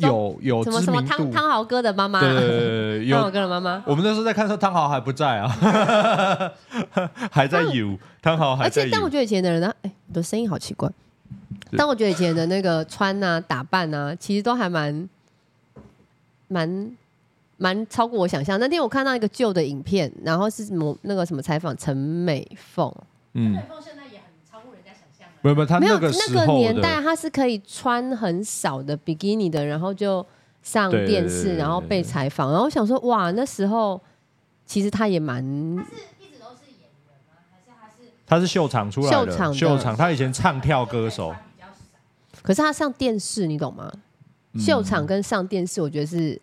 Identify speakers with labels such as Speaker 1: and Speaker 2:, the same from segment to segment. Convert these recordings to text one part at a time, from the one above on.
Speaker 1: 都有有知名度，湯湯
Speaker 2: 豪哥的媽媽，湯豪哥的媽媽。有
Speaker 1: 我們那時候在看的時候，湯豪還不在啊，對呵呵還在有湯豪還在。而且，但我覺
Speaker 2: 得以前的人呢、啊，哎、欸，你的聲音好奇怪。但對我覺得以前的那個穿啊、打扮啊，其實都還蠻、蠻、蠻超過我想象。那天我看到一個舊的影片，然後是什麼那個什麼採訪陳美鳳，
Speaker 1: 嗯。沒有，他那個時候那個年代，他
Speaker 2: 是可以穿很少的比基尼的，然後就上電視，然後被採訪。然後我想說，哇，那時候其實他也蠻……
Speaker 1: 他是秀場出來的？秀場，秀場他以前唱跳歌手。
Speaker 2: 可是他上電視，你懂嗎？嗯、秀場跟上電視，我覺得是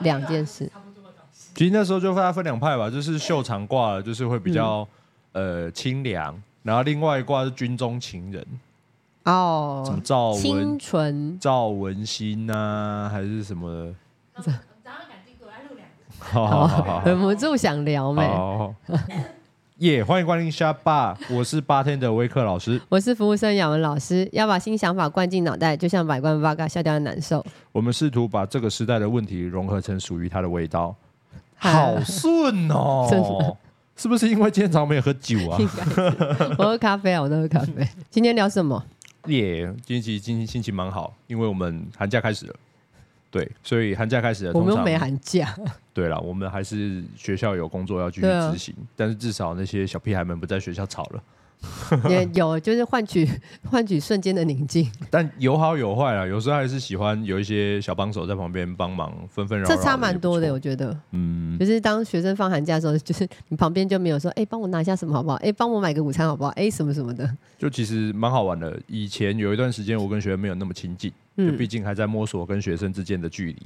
Speaker 2: 兩件事。那
Speaker 1: 個、其實那時候就分分兩派吧，就是秀場掛了，就是會比較、嗯、呃清涼。然後另外一卦是軍中情人
Speaker 2: 哦，什麼趙清純、
Speaker 1: 趙文新吶，還是什麼？找忍不住想聊沒？耶，歡迎光臨 Shotbar，我是 Bartender 威克老師，
Speaker 2: 我是服務生阿雯老師。要把新想法灌進腦袋，就像百官八嘎笑掉難受。
Speaker 1: 我們試圖把這個時代的問題融合成屬於它的味道，好
Speaker 2: 順哦。
Speaker 1: 是不是因為今天早上沒有喝酒啊？我
Speaker 2: 喝咖啡啊，我都喝咖啡。 今天聊什麼？
Speaker 1: 耶、yeah，今天氣，今天心情蠻好，因為我們寒假開始了。對，所以寒假開始了。我們又沒寒
Speaker 2: 假。
Speaker 1: 對了，我們還是學校有工作要繼續執行，啊、但是至少那些小屁孩們不在學校吵了。
Speaker 2: 也有，就是換取換取瞬間的
Speaker 1: 寧靜。但有好有壞啊，有時候還是喜歡有一些小幫手在旁邊幫忙，紛紛擾擾。這差蠻
Speaker 2: 多的，我覺得。嗯。就是當學生放寒假的時候，就是你旁邊就沒有說，哎、欸，幫我拿一下什麼好不好？哎、欸，幫我買個午餐好不好？哎、欸，什麼什麼的。
Speaker 1: 就其實蠻好玩的。以前有一段時間，我跟學生沒有那麼親近，就畢竟還在摸索跟學生之間的距離。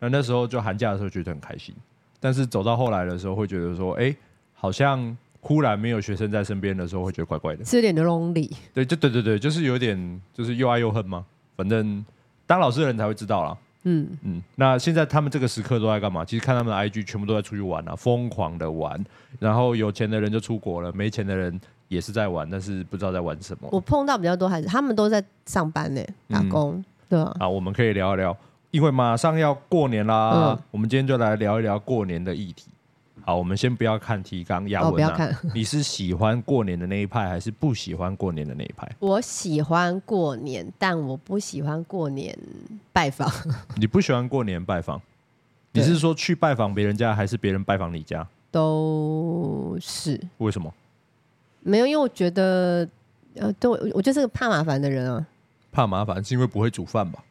Speaker 1: 那、嗯、那時候就寒假的時候，覺得很開心。但是走到後來的時候，會覺得說，哎、欸，好像。忽然沒有學生在身邊的時候，會覺得怪怪的。是
Speaker 2: 有點的 lonely，
Speaker 1: 對，就對對對，就是有點，就是又愛又恨嘛，反正當老師的人才會知道啦。嗯嗯，那現在他們這個時刻都在幹嘛？其實看他們的 IG，全部都在出去玩啊，瘋狂的玩。然後有錢的人就出國了，沒錢的人也是在玩，但是不知道在玩什麼。我
Speaker 2: 碰到比較多孩子，他們都在上班呢，打工，對
Speaker 1: 吧？啊，我們可以聊一聊，因為馬上要過年啦。我們今天就來聊一聊過年的議題。好，我們先不要看提綱。阿雯，哦，不要看。你是喜歡過年的那一派，還是不喜歡過年的那一派？
Speaker 2: 我喜歡過年，但我不喜歡過年拜訪。
Speaker 1: 你不喜歡過年拜訪？對你是說去拜訪別人家，還是別人拜訪你家？
Speaker 2: 都是。為什麼？沒有，因為我覺得，呃，都，我就是個怕麻煩的人啊。
Speaker 1: 怕麻煩是因為不會煮飯吧？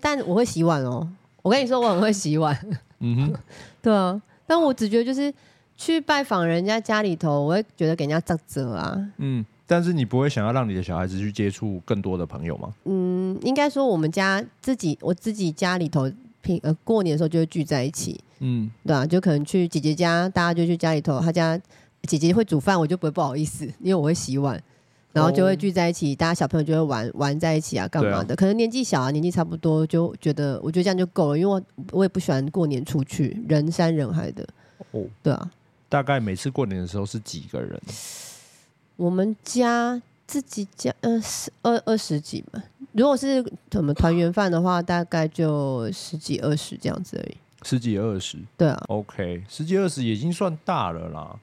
Speaker 2: 但我會洗碗哦。我跟你說，我很會洗碗。嗯
Speaker 1: 哼，
Speaker 2: 對啊。但我只覺得就是去拜訪人家家裡頭，我會覺得給人家扎責啊。
Speaker 1: 嗯，但是你不會想要讓你的小孩子去接觸更多的朋友嗎？
Speaker 2: 嗯，應該說我們家自己，我自己家裡頭，平呃過年的時候就會聚在一起。
Speaker 1: 嗯，
Speaker 2: 對啊，就可能去姐姐家，大家就去家裡頭，她家姐姐會煮飯，我就不會不好意思，因為我會洗碗。然後就會聚在一起，大家、oh, 小朋友就會玩玩在一起啊，幹嘛的？啊、可能年紀小啊，年紀差不多就覺得，我覺得這樣就夠了，因為我，我也不喜歡過年出去，人山人海的。哦，oh, 對啊。
Speaker 1: 大概每次過年的時候是幾個人？
Speaker 2: 我們家自己家呃二二十幾嘛，如果是怎麼團圓飯的話，啊、大概就十幾二十這樣子而已。
Speaker 1: 十幾二十，對啊，OK，十幾二十已經算大了啦。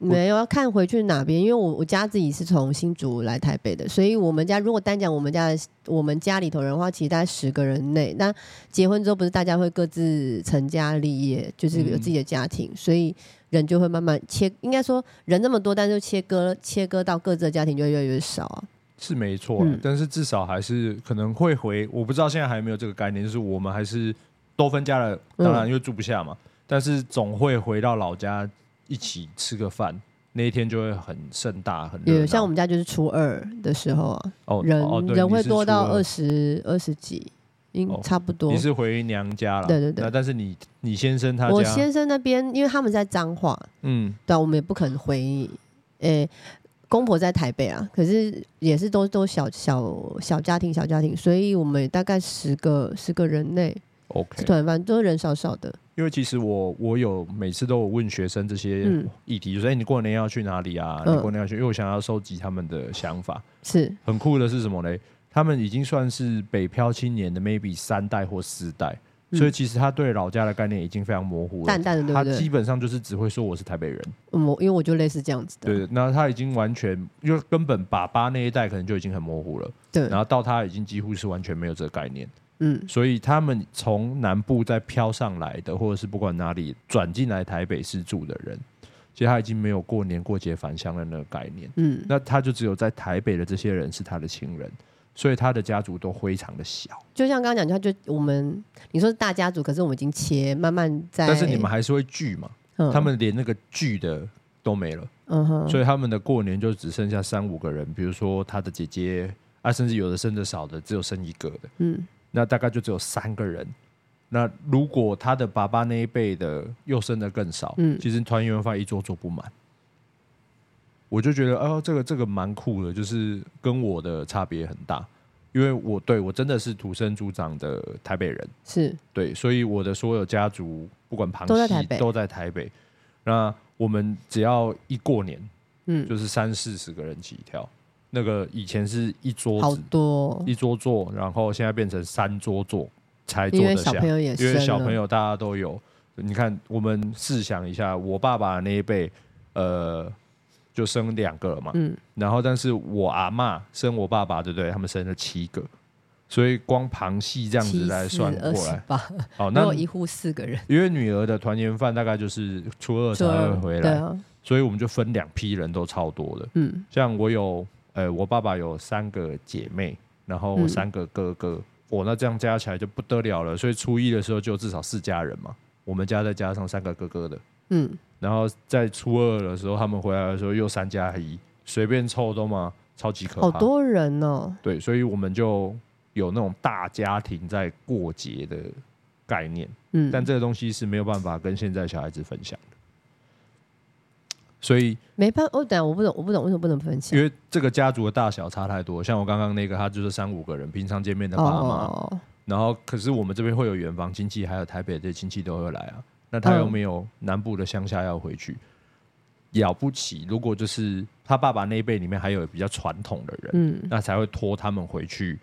Speaker 2: 沒有要看回去哪邊，因為我我家自己是從新竹來台北的，所以我們家如果單講我們家的我們家裡頭人的話，其實大概十個人內，但結婚之後不是大家會各自成家立業，就是有自己的家庭，嗯、所以人就會慢慢切，應該說人那麼多，但是切割切割到各自的家庭就會越來越少啊。
Speaker 1: 是沒錯，啊，嗯、但是至少還是可能會回，我不知道現在還有沒有這個概念，就是我們還是都分家了，當然又住不下嘛，嗯、但是總會回到老家。一起吃個飯，那一天就會很盛大，很熱鬧。像
Speaker 2: 我們家就是初二的時候啊，哦、人、哦、人會多到 20, 二十二十幾，應差不多、哦。你是
Speaker 1: 回娘家了？對對對。但是你你先生他，我先
Speaker 2: 生那邊因為他們在彰化，
Speaker 1: 嗯，
Speaker 2: 但、啊、我們也不可能回。哎、欸，公婆在台北啊，可是也是都都小小小家庭小家庭，所以我們大概十個十個人內對，團反正都是人少少的。
Speaker 1: 因為其實我我有每次都有問學生這些議題，說哎、嗯就是欸，你過年要去哪裡啊？嗯、你過年要去？因為我想要收集他們的想法。是很酷的是什麼呢？他們已經算是北漂青年的 maybe 三代或四代，嗯、所以其實他對老家的概念已經非常模糊了。淡淡的，他基本上就是只會說我是台北人。
Speaker 2: 嗯，因為我就類
Speaker 1: 似這樣子的。對，那他已經完全因為根本爸爸那一代可能就已經很模糊了。對，然後到他已經幾乎是完全沒有這個概念。嗯，所以他們從南部再飄上來的，或者是不管哪裡轉進來台北市住的人，其實他已經沒有過年過節返鄉的那個概念。嗯，那他就只有在台北的這些人是他的親人，所以他的家族都非常的小。
Speaker 2: 就像剛剛講，他就我們你說是大家族，可是我們已經切慢慢在，但是你們
Speaker 1: 還是會聚嘛？嗯，他們連那個聚的都沒了。嗯哼，所以他們的過年就只剩下三五個人，比如說他的姐姐啊，甚至有的生的少的，只有生一個的。嗯。那大概就只有三個人，那如果他的爸爸那一輩的又生的更少，嗯，其實團圓飯一桌坐不滿，我就覺得哦，這個這個蠻酷的，就是跟我的差別很大，因為我對我真的是土生土長的台北人，是對，所以我的所有家族不管旁系都在，都在台北，那我們只要一過年，嗯，就是三四十個人起跳。那個以前是一桌子，哦、一桌坐，然後現在變成三桌坐才坐得下。因為小朋友也生了，因為小朋友大家都有。你看，我們試想一下，我爸爸那一輩，呃，就生兩個了嘛。嗯。然後，但是我阿媽生我爸爸，對不對？他們生了七個，所以光旁系這樣子來算過來，好、 哦，那有一戶四個人。因為女兒的團圓飯大概就是初二才會回來，對啊、所以我們就分兩批人都超多的。嗯，像我有。呃，我爸爸有三個姐妹，然後三個哥哥，我、嗯哦、那這樣加起來就不得了了。所以初一的時候就至少四家人嘛，我們家再加上三個哥哥的，嗯，然後在初二的時候他們回來的時候又三加一，隨便湊都嘛，超級可怕，好多
Speaker 2: 人哦。
Speaker 1: 對，所以我們就有那種大家庭在過節的概念，嗯，但這個東西是沒有辦法跟現在小孩子分享。所以
Speaker 2: 沒辦我、哦、等我不懂，我不懂為什麼不能分，因
Speaker 1: 為這個家族的大小差太多，像我剛剛那個，他就是三五個人平常見面的爸媽。哦、然後可是我們這邊會有遠房親戚，還有台北的這些親戚都會來啊。那他又沒有南部的鄉下要回去，了、嗯、不起。如果就是他爸爸那一輩裡面還有比較傳統的人，嗯，那才會拖他們回去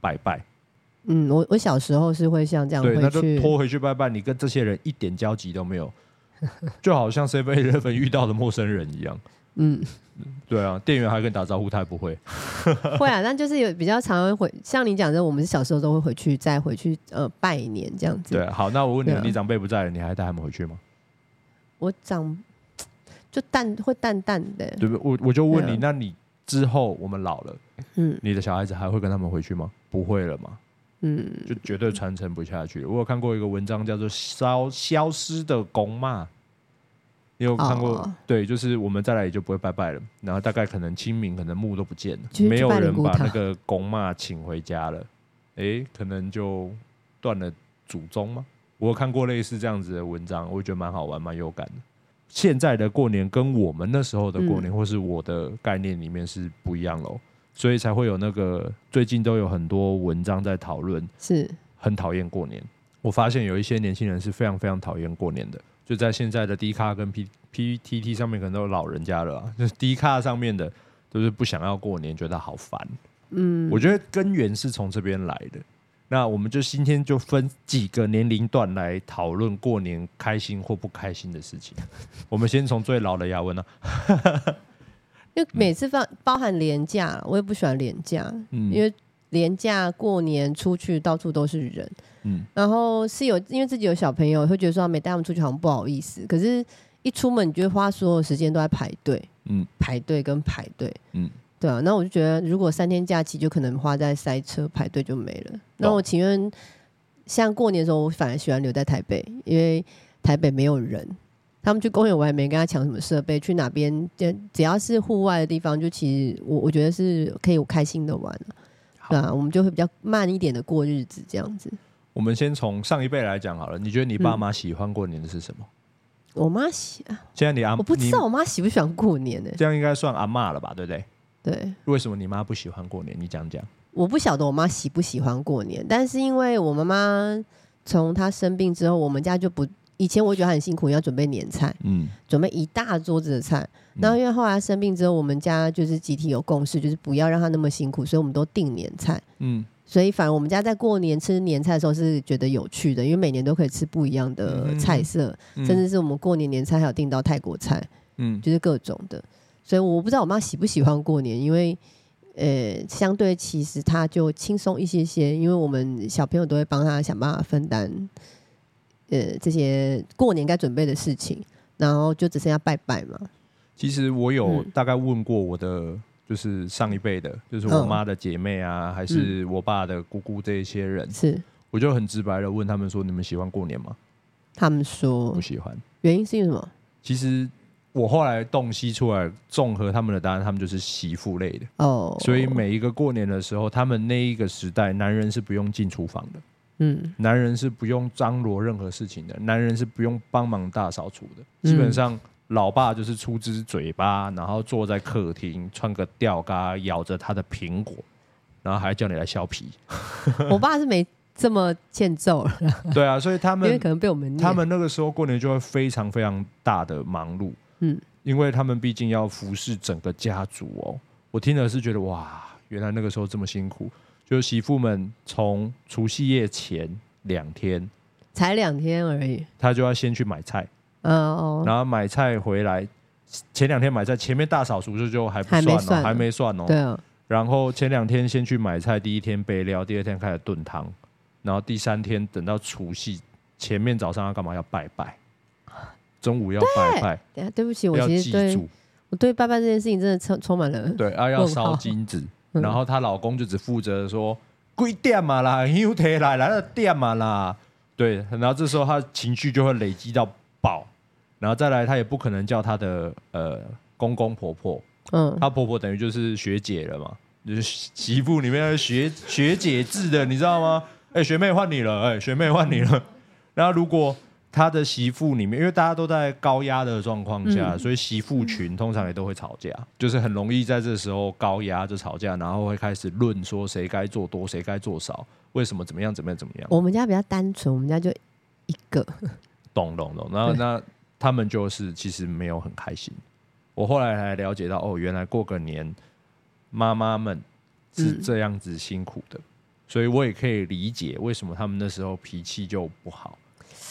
Speaker 1: 拜拜。
Speaker 2: 嗯，我我小時候是會像這樣，對，那就拖
Speaker 1: 回去拜拜。你跟這些人一點交集都沒有。就好像7-11遇到的陌生人一樣，嗯， 對啊，店員還跟你打招呼，他也不會，
Speaker 2: 會啊，但就是有比較常會回，像你講的，我們小時候都會回去，再回去呃拜年這樣子。
Speaker 1: 對，啊，好，那我問你，啊，你長輩不在了，你還帶他們回去嗎？
Speaker 2: 我長就淡，會淡淡的。對不？
Speaker 1: 我我就問你，啊，那你之後我們老了，嗯，你的小孩子還會跟他們回去嗎？不會了嗎？嗯，就絕對傳承不下去。我有看過一個文章，叫做《消消失的公媽》。你有看過？Oh. 對，就是我們再來也就不會拜拜了。然後大概可能清明，可能墓都不見了，去沒有人把那個公媽請回家了。誒、欸，可能就斷了祖宗嗎？我有看過類似這樣子的文章，我覺得蠻好玩、蠻有感的。現在的過年跟我們那時候的過年，嗯、或是我的概念裡面是不一樣嘍，所以才會有那個最近都有很多文章在討論，是很討厭過年。我發現有一些年輕人是非常非常討厭過年的。就在現在的 d 卡，跟 PTT 上面可能都老人家了，啊，就是 D 卡上面的都，就是不想要過年，覺得好煩。嗯，我覺得根源是從這邊來的。那我們就今天就分幾個年齡段來討論過年開心或不開心的事情。 我們先從最老的阿雯啊，
Speaker 2: 因為每次放包含連假，我也不喜歡連假，嗯、因為。連假過年出去到處都是人，嗯，然後是有因為自己有小朋友，會覺得說沒帶他們出去好像不好意思，可是，一出門你就會花所有時間都在排隊，嗯，排隊跟排隊，嗯，對啊，那我就覺得如果三天假期就可能花在塞車排隊就沒了，那、嗯、我情願像過年的時候，我反而喜歡留在台北，因為台北沒有人，他們去公園我也沒跟他搶什麼設備，去哪邊就只要是戶外的地方，就其實我我覺得是可以開心的玩、啊。好對、啊、我們就會比較慢一點的過日子，這樣子。
Speaker 1: 我們先從上一輩來講好了。你覺得你爸媽喜歡過年的是什麼？嗯、我媽喜、啊……現在你阿、啊，我不知道我
Speaker 2: 媽喜不喜歡過
Speaker 1: 年呢、欸？這樣應該算阿嬤了吧，對不對？對。為什麼你媽不喜歡過年？你講講。
Speaker 2: 我不曉得我媽喜不喜歡過年，但是因為我媽媽從她生病之後，我們家就不。以前我覺得他很辛苦，要準備年菜，嗯，準備一大桌子的菜。嗯、然後因為後來生病之後，我們家就是集體有共識，就是不要讓他那麼辛苦，所以我們都訂年菜，嗯。所以反而我們家在過年吃年菜的時候是覺得有趣的，因為每年都可以吃不一樣的菜色，嗯、甚至是我們過年年菜還有訂到泰國菜，嗯，就是各種的。所以我不知道我媽喜不喜歡過年，因為呃，相對其實她就輕鬆一些些，因為我們小朋友都會幫他想辦法分擔。呃，這些過年該準備的事情，然後就只剩下拜拜嘛。
Speaker 1: 其實我有大概問過我的，就是上一輩的，嗯、就是我媽的姐妹啊，哦、還是我爸的姑姑這一些人，是、嗯，我就很直白的問他們說，你們喜歡過年嗎？
Speaker 2: 他們說不喜歡，原因是因為什麼？
Speaker 1: 其實我後來洞悉出來，綜合他們的答案，他們就是媳婦類的哦，所以每一個過年的時候，他們那一個時代，男人是不用進廚房的。嗯，男人是不用張羅任何事情的，男人是不用幫忙大掃除的。嗯、基本上，老爸就是出支嘴巴，然後坐在客廳，穿個吊嘎，咬着他的蘋果，然後還叫你來削皮。
Speaker 2: 我爸是沒這麼欠揍
Speaker 1: 對啊，所以他們因為可能被我們他們那個時候過年就會非常非常大的忙碌。嗯，因為他們畢竟要服侍整個家族哦。我聽了是覺得哇，原來那個時候這麼辛苦。就媳婦們從除夕夜前兩天，
Speaker 2: 才兩天而
Speaker 1: 已，她就要先去買菜，
Speaker 2: 嗯、哦哦然
Speaker 1: 後買菜回來，前兩天買菜，前面大掃除就就還不算、哦，還沒算，還沒算哦，對哦然後前兩天先去買菜，第一天備料，第二天開始燉湯，然後第三天等到除夕前面早上要幹嘛，要拜拜，中午要拜拜，對，拜拜
Speaker 2: 對不起，要記住我其實對，我對拜拜這件事情真的充充滿了問號。對啊，要燒金
Speaker 1: 紙。 然後她老公就只負責說歸店嘛啦，又退來來了店嘛啦，對。然後這時候她情緒就會累積到爆，然後再來她也不可能叫她的呃公公婆婆，嗯，她婆婆等於就是學姐了嘛，就是媳婦裡面的學學姐制的，你知道嗎？哎、欸，學妹換你了，哎、欸，學妹換你了。然後如果他的媳婦裡面，因為大家都在高壓的狀況下，嗯、所以媳婦群通常也都會吵架，是、就是很容易在這時候高壓就吵架，然後會開始論說誰該做多，誰該做少，為什麼怎麼樣，怎麼樣怎麼樣。我
Speaker 2: 們家比較單純，我們家就一個，懂
Speaker 1: 懂懂。懂懂然後對那他們就是其實沒有很開心。我後來還了解到，哦，原來過個年媽媽們是這樣子辛苦的，嗯、所以我也可以理解為什麼他們那時候脾氣就不好。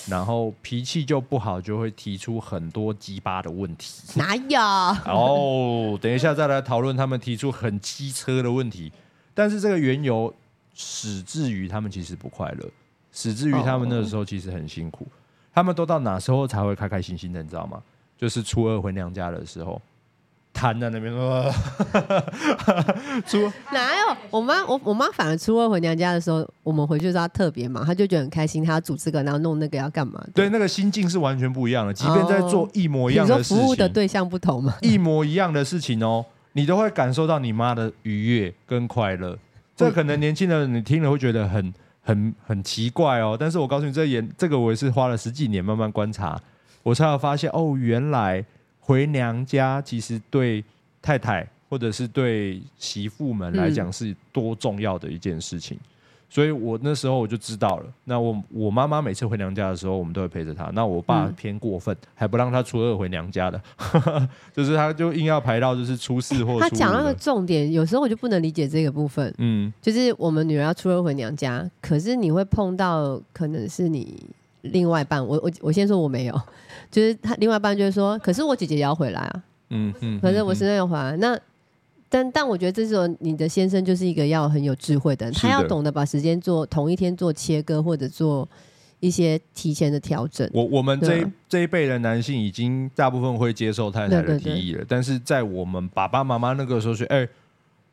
Speaker 1: 然後脾氣就不好，就會提出很多雞巴的問題。
Speaker 2: 哪有？ 然後
Speaker 1: 等一下再來討論他們提出很機車的問題。但是這個緣由始至於他們其實不快樂，始至於他們那個時候其實很辛苦。他們都到哪時候才會開開心心的？你知道嗎？就是初二回娘家的時候。癱在那邊
Speaker 2: 說：“哈哈哪有我媽？我我媽反而初二回娘家的時候，我們回去的時候她特別忙，她就覺得很開心。她要煮，這個，然後弄那個要幹嘛？
Speaker 1: 對，對，那個心境是完全不一樣的。即便在做一模一樣的事情，哦，服務的
Speaker 2: 對象不同嘛？
Speaker 1: 一模一樣的事情哦，你都會感受到你媽的愉悅跟快樂。這對可能年輕人你聽了會覺得很很很奇怪哦。但是我告訴你，這演、個、這個，我也是花了十幾年慢慢觀察，我才要發現哦，原來。”回娘家其實對太太或者是對媳婦們來講是多重要的一件事情，嗯，所以我那時候我就知道了。那我我媽媽每次回娘家的時候，我們都會陪着她。那我爸偏過分，嗯、還不讓她初二回娘家的， 就是她就硬要排到就是初四或初四的。她講、欸、那個
Speaker 2: 重點，有時候我就不能理解這個部分。嗯，就是我們女兒要初二回娘家，可是你會碰到可能是你另外一半。我我我先說我沒有。就是他，另外一半就是說，可是我姐姐也要回來啊，嗯嗯，反正我是那樣。那，但但我覺得這時候你的先生就是一個要很有智慧的人，的他要懂得把時間做同一天做切割，或者做一些提前的調整。
Speaker 1: 我我們這一吧這一輩的男性已經大部分會接受太太的提議了，對對對，但是在我們爸爸媽媽那個時候說，哎、欸，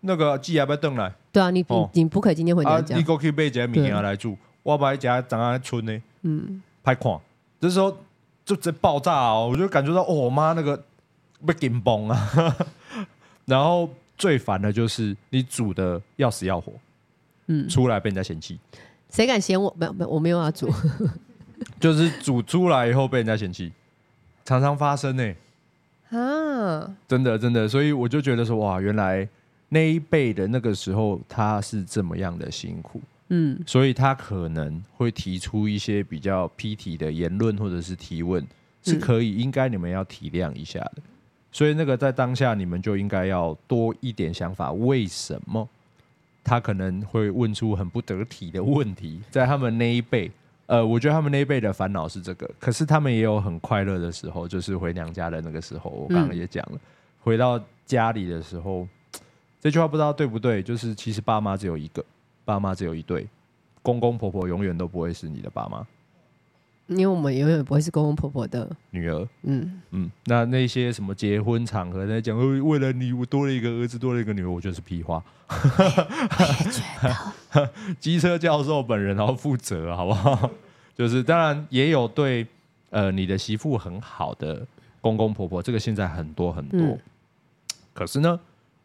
Speaker 1: 那個雞要不要燉來？對啊，你你、哦、你
Speaker 2: 不可以今天回到家，啊、你過
Speaker 1: 去背家，明年來住，我把家當阿村呢，嗯，拍礦，這時候。就這爆炸哦，我就感覺到哦，我媽那個被頂崩啊呵呵！然後最煩的就是你煮的要死要活，嗯，出來被人家嫌棄。
Speaker 2: 誰敢嫌我？沒有，我沒有要煮。
Speaker 1: 就是煮出來以後被人家嫌棄，常常發生呢、欸。啊，真的真的，所以我就覺得說哇，原來那一輩的那個時候，他是這麼樣的辛苦。嗯，所以他可能會提出一些比較偏題的言論或者是提問，是可以，應該你們要體諒一下的。所以那個在當下，你們就應該要多一點想法，為什麼他可能會問出很不得體的問題？在他們那一輩，呃，我覺得他們那一輩的煩惱是這個，可是他們也有很快樂的時候，就是回娘家的那個時候。我剛剛也講了，回到家裡的時候，這句話不知道對不對，就是其實爸媽只有一個。爸媽只有一對，公公婆婆永遠都不會是你的爸媽，
Speaker 2: 因為我們永遠不會是公公婆婆的
Speaker 1: 女兒。嗯嗯，那那些什麼結婚場合來講，為了你我多了一個兒子，多了一個女兒，我就是屁話。別、哎、覺機 車教授本人然後負責好不好？就是當然也有對呃你的媳婦很好的公公婆婆，這個現在很多很多，嗯、可是呢，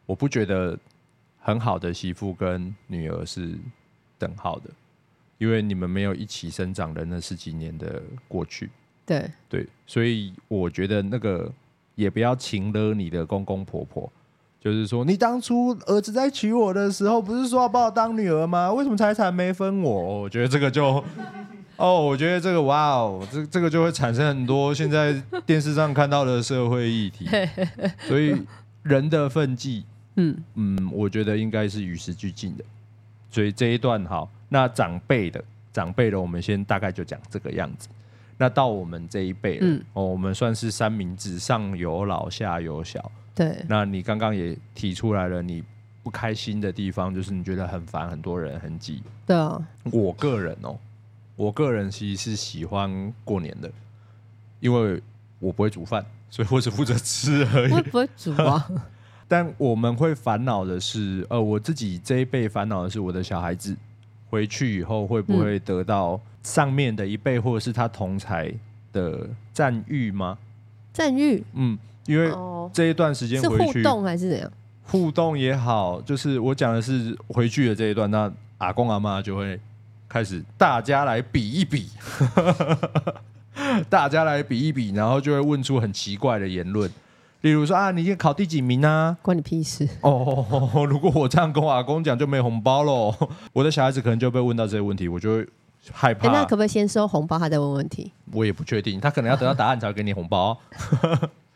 Speaker 1: 我不覺得。很好的媳婦跟女兒是等號的，因為你們沒有一起生長的那十幾年的過去。對對，所以我覺得那個也不要情勒你的公公婆婆，就是說你當初兒子在娶我的時候，不是說要把我當女兒嗎？為什麼財產沒分我？我覺得這個就哦， oh, 我覺得這個哇哦，wow, 這這個就會產生很多現在電視上看到的社會議題， 所以人的分際。嗯，我覺得應該是與時俱進的，所以這一段好。那長輩的長輩的，我們先大概就講這個樣子。那到我們這一輩，嗯哦，我們算是三明治，上有老，下有小。對。那你剛剛也提出來了，你不開心的地方就是你覺得很煩，很多人很擠。對啊。我個人哦，我個人其實是喜歡過年的，因為我不會煮飯，所以我只負責吃而已。會不會煮啊。 但我們會煩惱的是，呃，我自己這一輩煩惱的是，我的小孩子回去以後會不會得到上面的一輩或者是他同儕的讚譽嗎？讚譽？嗯，因為這一段時間回去、哦、是互動還是怎樣？互動也好，就是我講的是回去的這一段，那阿公阿媽就會開始大家來比一比， 大家來比一比，然後就會問出很奇怪的言論。例如說啊，你今天考第幾名啊？關你屁事哦！如果我這樣跟我阿公講，就沒紅包嘍。我的小孩子可能就被問到這些問題，我就害怕。那可不可
Speaker 2: 以先收紅包，他再問問題？
Speaker 1: 我也不確定，他可能要等到答案才給你紅包。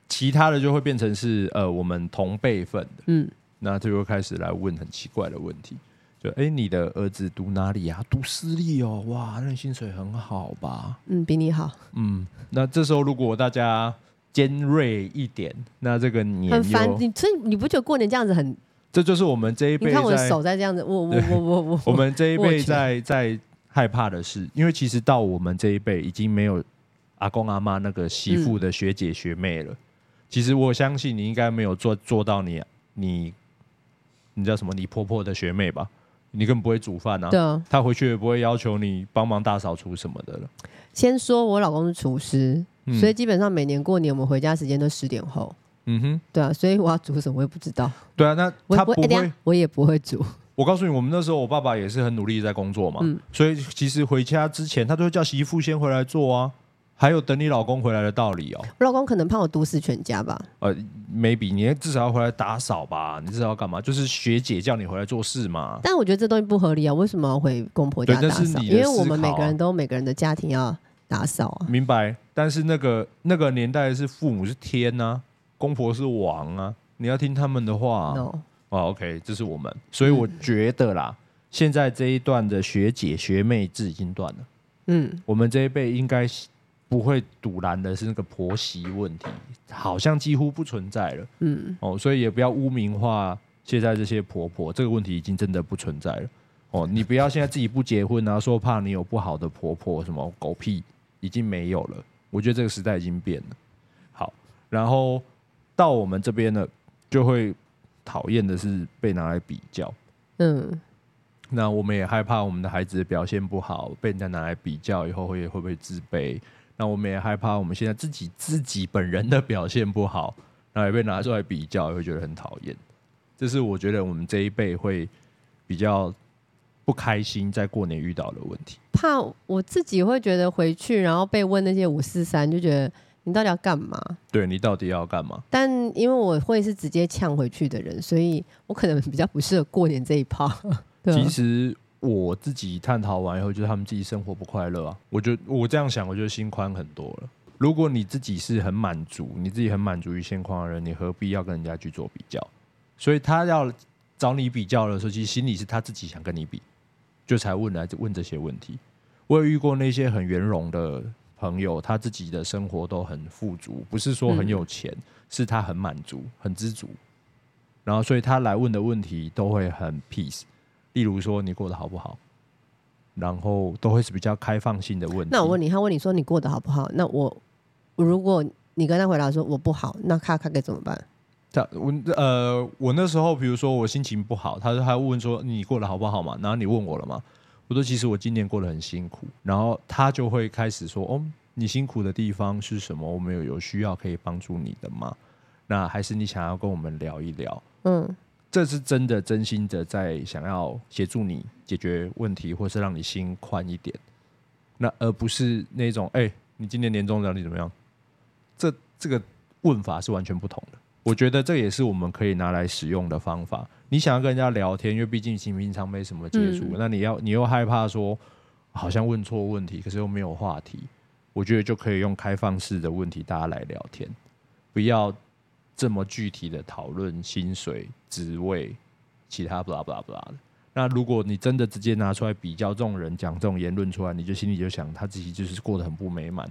Speaker 1: 其他的就會變成是呃，我們同輩份的，嗯，那就會開始來問很奇怪的問題，就哎，你的兒子讀哪裡啊？讀私立哦，哇，那薪水很好吧？嗯，比你好。嗯，那這時候如果大家。尖銳一點，那這個你很煩你，
Speaker 2: 所以你不覺得過年這樣子很？
Speaker 1: 這就是我們這一輩。你看我的手在這
Speaker 2: 樣子，我我我我我。我，我， 我們這一輩在
Speaker 1: 在害怕的是，因為其實到我們這一輩已經沒有阿公阿媽那個媳婦的學姐學妹了。嗯、其實我相信你應該沒有做做到你你你叫什麼？你婆婆的學妹吧？你根本不會煮飯啊，她、對啊、回去也不會要求你幫忙大掃除什麼的了。
Speaker 2: 先說我老公是廚師，嗯、所以基本上每年過年我們回家時間都十點後。嗯哼，對啊，所以我要煮什麼我也不知道。
Speaker 1: 對啊，那他不，不會，
Speaker 2: 我也不會煮。
Speaker 1: 我告訴你，我們那時候我爸爸也是很努力在工作嘛，嗯、所以其實回家之前他都會叫媳婦先回來做啊。還有等你老公回來的道理哦，
Speaker 2: 我老公可能怕我毒死全家吧。
Speaker 1: 呃，maybe 你至少要回來打掃吧？你至少要幹嘛？就是學姐叫你回來做事嘛。
Speaker 2: 但我覺得這東西不合理啊，為什麼要回公婆家打掃？對那是你啊、因為我們每個人都有每個人的家庭要打掃啊，
Speaker 1: 明白？但是那個那個年代是父母是天吶、啊，公婆是王啊，你要聽他們的話哦、啊 No 啊。OK，這是我們，所以我覺得啦，嗯、現在這一段的學姐學妹制已經斷了。嗯，我們這一輩應該是。不會賭爛的是那個婆媳問題，好像幾乎不存在了。嗯，哦，所以也不要污名化現在這些婆婆，這個問題已經真的不存在了。哦，你不要現在自己不結婚啊，然後說怕你有不好的婆婆什麼狗屁，已經沒有了。我覺得這個時代已經變了。好，然後到我們這邊呢，就會討厭的是被拿來比較。嗯，那我們也害怕我們的孩子的表現不好，被人家拿來比較以後會會不會自卑？那我們也害怕，我們現在自己自己本人的表現不好，那也被拿出來比較，也會覺得很討厭。這是我覺得我們這一輩會比較不開心，在過年遇到的問題。
Speaker 2: 怕我自己會覺得回去，然後被問那些五四三，就覺得你到底要幹嘛？
Speaker 1: 對，你到底要幹嘛？
Speaker 2: 但因為我會是直接嗆回去的人，所以我可能比較不適合過年這一趴。
Speaker 1: 啊、其實。我自己探討完以後，就是、他們自己生活不快樂啊。我覺得我這樣想，我覺得心寬很多了。如果你自己是很滿足，你自己很滿足於現況的人，你何必要跟人家去做比較？所以他要找你比較的時候，其實心裡是他自己想跟你比，就才問來問這些問題。我也遇過那些很圓融的朋友，他自己的生活都很富足，不是說很有錢，嗯、是他很滿足、很知足。然後，所以他來問的問題都會很 peace。例如說你過得好不好，然後都會是比較開放性的問題。那我問你，
Speaker 2: 他問你說你過得好不好？那我，我如果你跟他回答說我不好，那他可該怎麼辦？
Speaker 1: 他問呃，我那時候比如說我心情不好，他說他問說你過得好不好嘛？然後你問我了嘛？我說其實我今年過得很辛苦。然後他就會開始說哦，你辛苦的地方是什麼？我們有有需要可以幫助你的嗎？那還是你想要跟我們聊一聊？嗯。這是真的，真心的在想要協助你解決問題，或是讓你心寬一點，那而不是那種哎、欸，你今年年終獎你怎麼樣？這這個問法是完全不同的。我覺得這也是我們可以拿來使用的方法。你想要跟人家聊天，因為畢竟你平常沒什麼接觸，嗯、那你要你又害怕說好像問錯問題，可是又沒有話題，我覺得就可以用開放式的問題，大家來聊天，不要。這麼具體的討論薪水、職位、其他 blah blah blah 的。那如果你真的直接拿出來比較，這種人講這種言論出來，你就心裡就想他自己就是過得很不美滿，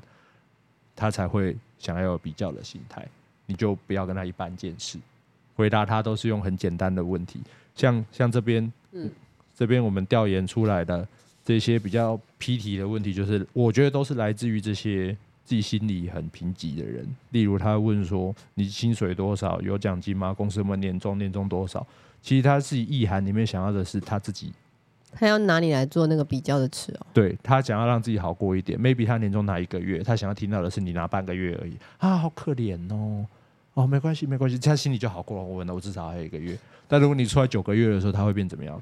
Speaker 1: 他才會想要有比較的心態。你就不要跟他一般見識，回答他都是用很簡單的問題，像像這邊，嗯、這邊我們調研出來的這些比較 pt 的問題，就是我覺得都是來自於這些自己心裡很貧瘠的人，例如他問說：“你薪水多少？有獎金嗎？公司有沒有年終年終多少？”其實他自己意涵裡面想要的是他自己，
Speaker 2: 他要拿你來做那個比較的詞哦。
Speaker 1: 對，他想要讓自己好過一點，maybe 他年終拿一個月，他想要聽到的是你拿半個月而已啊，好可憐哦。哦，沒關係，沒關係，他心裡就好過了。我呢，我至少還有一個月。但如果你出來九個月的時候，他會變怎麼樣？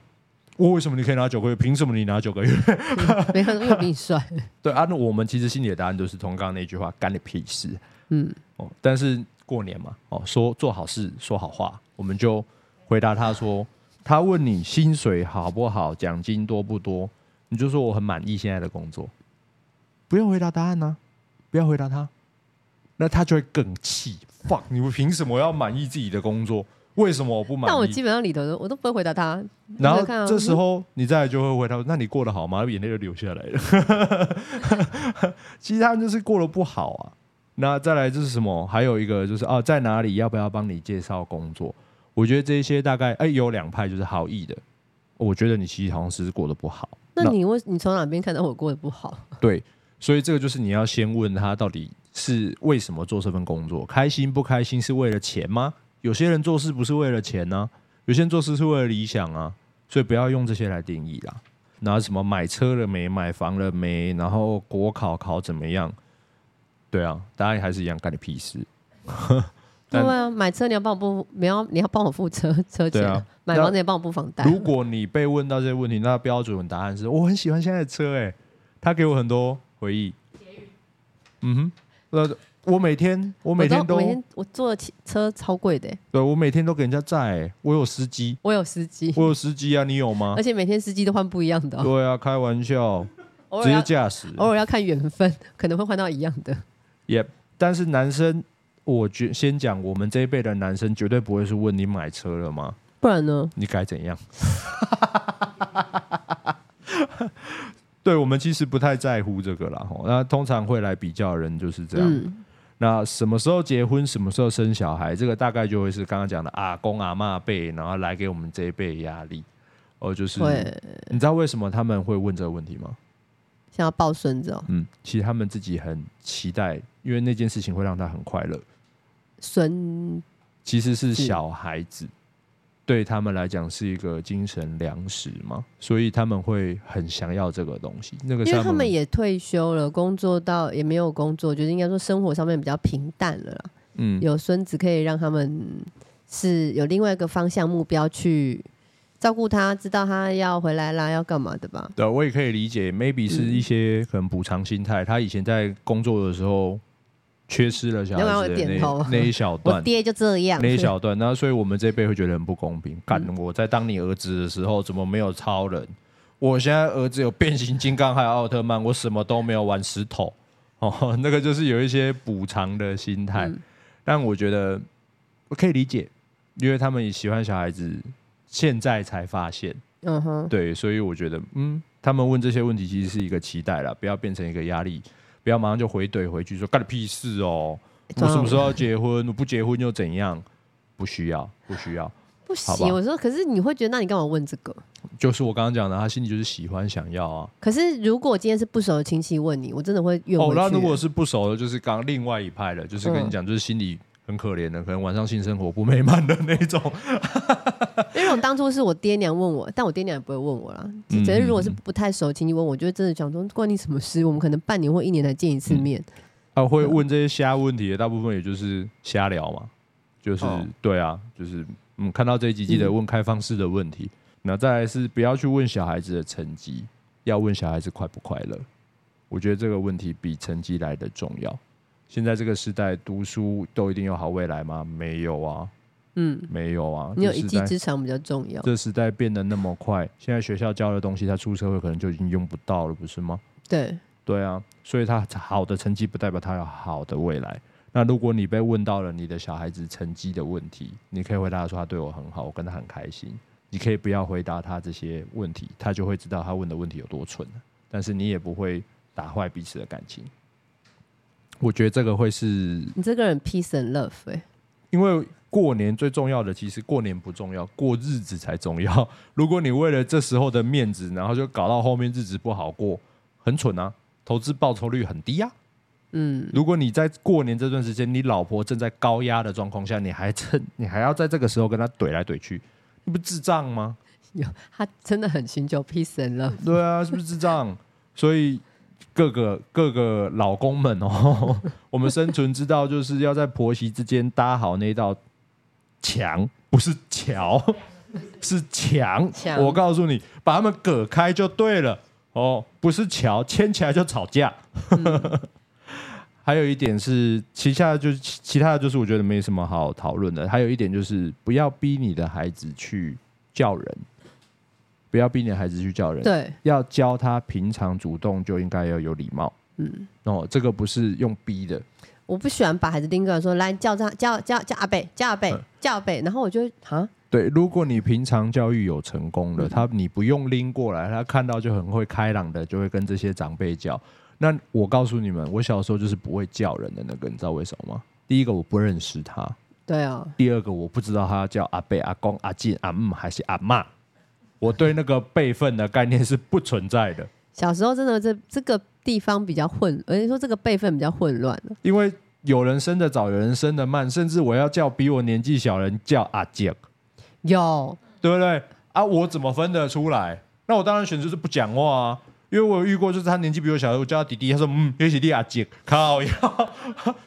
Speaker 1: 我、哦、為什麼你可以拿九個月？憑什麼你拿九個月？ 嗯、
Speaker 2: 沒可能，我比你帥。
Speaker 1: 對啊，那我們其實心裡的答案就是同剛剛那句話，干你屁事。嗯、哦，但是過年嘛，哦，說做好事，說好話，我們就回答他說，他問你薪水好不好，獎金多不多，你就說我很滿意現在的工作，不用回答答案呢、啊，不要回答他，那他就會更氣，放 你們憑什麼要滿意自己的工作？為什麼我不滿意？我基
Speaker 2: 本上裡頭都我都不會回答他，看啊、然後這時候
Speaker 1: 你再來就會回答說：“嗯、那你過得好嗎？”眼淚就流下來了。 其實他們就是過得不好啊。那再來就是什麼？還有一個就是啊，在哪裡？要不要幫你介紹工作？我覺得這些大概哎、欸、有兩派，就是好意的。我覺得你其實好像是過得不好。
Speaker 2: 那你為那你從哪邊看到我過得不好？
Speaker 1: 對，所以這個就是你要先問他到底是為什麼做這份工作，開心不開心，是為了錢嗎？有些人做事不是為了錢呢、啊，有些人做事是為了理想啊，所以不要用這些來定義啦。那什麼買車了沒？買房了沒？然後國考考怎麼樣？對啊，答案還是一樣，干你屁事！ 但對啊，
Speaker 2: 買車你要幫我付，你要你要幫我付車車錢。啊、買房子也幫我付房貸。如
Speaker 1: 果你被問到這些問題，那標準的答案是我很喜歡現在的車，哎，他給我很多回憶。魚嗯哼，我每天，我每天都，我知道我每
Speaker 2: 天我坐的車超貴的。
Speaker 1: 對，我每天都給人家載，我有司機，我有司機，我有司機啊！你有嗎？而且
Speaker 2: 每天司機都換不一樣的哦。對
Speaker 1: 啊，開玩笑，
Speaker 2: 直接駕駛，偶爾要看緣分，可能會換到一樣的。
Speaker 1: 也，yep, 但是男生，我覺先講，我們這一輩的男生絕對不會是問你買車了嗎？不然呢？你該怎樣？ 對，我們其實不太在乎這個啦。那通常會來比較的人就是這樣。嗯那什麼時候結婚，什麼時候生小孩，這個大概就會是剛剛講的阿公阿媽輩，然後來給我們這一輩壓力。哦，就是對你知道為什麼他們會問這個問題嗎？想要抱孫子哦。嗯，其實他們自己很期待，因為那件事情會讓他很快樂。
Speaker 2: 孫
Speaker 1: 其實是小孩子。嗯。對他們來講是一個精神糧食嘛，所以他們會很想要這個東西。那個，因為他們也
Speaker 2: 退休了，工作到也沒有工作，覺、就、得、是、應該說生活上面比較平淡了啦。嗯，有孫子可以讓他們是有另外一個方向目標去照顧他，知道他要回來啦，要幹嘛
Speaker 1: 的吧？對，我也可以理解，maybe 是、嗯、一些可能補償心態。他以前在工作的時候。缺失了，小孩子那那一小段，我爹就這樣那一小段，那是所以我們這輩會覺得很不公平。看干、嗯、我在當你兒子的時候怎麼沒有超人，我現在兒子有變形金剛還有奧特曼，我什麼都沒有玩石頭。哦，那個就是有一些補償的心態，嗯、但我覺得我可以理解，因為他們也喜歡小孩子。現在才發現，嗯哼，對，所以我覺得，嗯，他們問這些問題其實是一個期待啦，不要變成一個壓力。不要馬上就回懟回去說幹了屁事哦！我什麼時候要結婚？我不結婚又怎樣？不需要，不需要，不行！好不好我
Speaker 2: 說，可是你會覺得，那你幹嘛問這個？
Speaker 1: 就是我剛剛講的，他心裡就是喜歡、想要啊。可
Speaker 2: 是如果我今天是不熟的親戚問你，我真的會。哦，那如果
Speaker 1: 是不熟的，就是剛剛另外一派的，就是跟你講，就是心裡。嗯很可憐的，可能晚上性生活不美滿的那種。
Speaker 2: 因為我當初是我爹娘問我，但我爹娘也不會問我啦，只覺得如果是不太熟、嗯、請你問我，我就真的想說關你什麼事？我們可能半年或一年才見一次面。
Speaker 1: 他、嗯啊、會問這些瞎問題的，嗯、大部分也就是瞎聊嘛。就是、哦、對啊，就是嗯，看到這一集記得問開放式的問題，嗯、然後再來是不要去問小孩子的成績，要問小孩子快不快樂。我覺得這個問題比成績來的重要。現在這個時代，讀書都一定有好未來嗎？沒有啊，嗯，沒有啊。你有一技之長
Speaker 2: 比較重要這。這
Speaker 1: 時代變得那麼快，現在學校教的東西，他出社會可能就已經用不到了，不是嗎？對，對啊。所以他好的成績不代表他有好的未來。那如果你被問到了你的小孩子成績的問題，你可以回答說他對我很好，我跟他很開心。你可以不要回答他這些問題，他就會知道他問的問題有多蠢。但是你也不會打壞彼此的感情。我覺得這個會是
Speaker 2: 你這個人 peace and love
Speaker 1: 因為過年最重要的其實過年不重要，過日子才重要。如果你為了這時候的面子，然後就搞到後面日子不好過，很蠢啊！投資報酬率很低啊。嗯，如果你在過年這段時間，你老婆正在高壓的狀況下，你還趁你還要在這個時候跟他懟來懟去，你不智障嗎？
Speaker 2: 有他真的很尋求 peace and
Speaker 1: love，對啊，是不是智障？所以。各個各個老公們哦，我們生存之道就是要在婆媳之間搭好那道牆，不是橋，是牆。牆。我告訴你，把他們隔開就對了哦，不是橋牽起來就吵架。嗯、 還有一點是，其下就是其其他的就是我覺得沒什麼好討論的。還有一點就是，不要逼你的孩子去叫人。不要逼你的孩子去叫人，對，要教他平常主動就應該要有禮貌。嗯，哦，這個不是用逼的。
Speaker 2: 我不喜歡把孩子拎過來，說來叫他叫叫叫阿伯，叫阿伯，叫阿伯，嗯，然後我就哈
Speaker 1: 對，如果你平常教育有成功的，嗯、他你不用拎過來，他看到就很會開朗的，就會跟這些長輩叫。那我告訴你們，我小時候就是不會叫人的那個，你知道為什麼嗎？第一個，我不認識他。對啊、哦。第二個，我不知道他叫阿伯、阿公、阿金、阿姆還是阿嬤。我對那個輩分的概念是不存在的。
Speaker 2: 小時候真的這這個地方比較混，我跟你說這個輩分比較混亂。
Speaker 1: 因為有人生的早，有人生的慢，甚至我要叫比我年紀小人叫阿杰，有對不對？啊，我怎麼分得出來？那我當然選擇是不講話啊，因為我有遇過，就是他年紀比我小的時候，我叫他弟弟，他說嗯，謝謝弟阿杰，靠，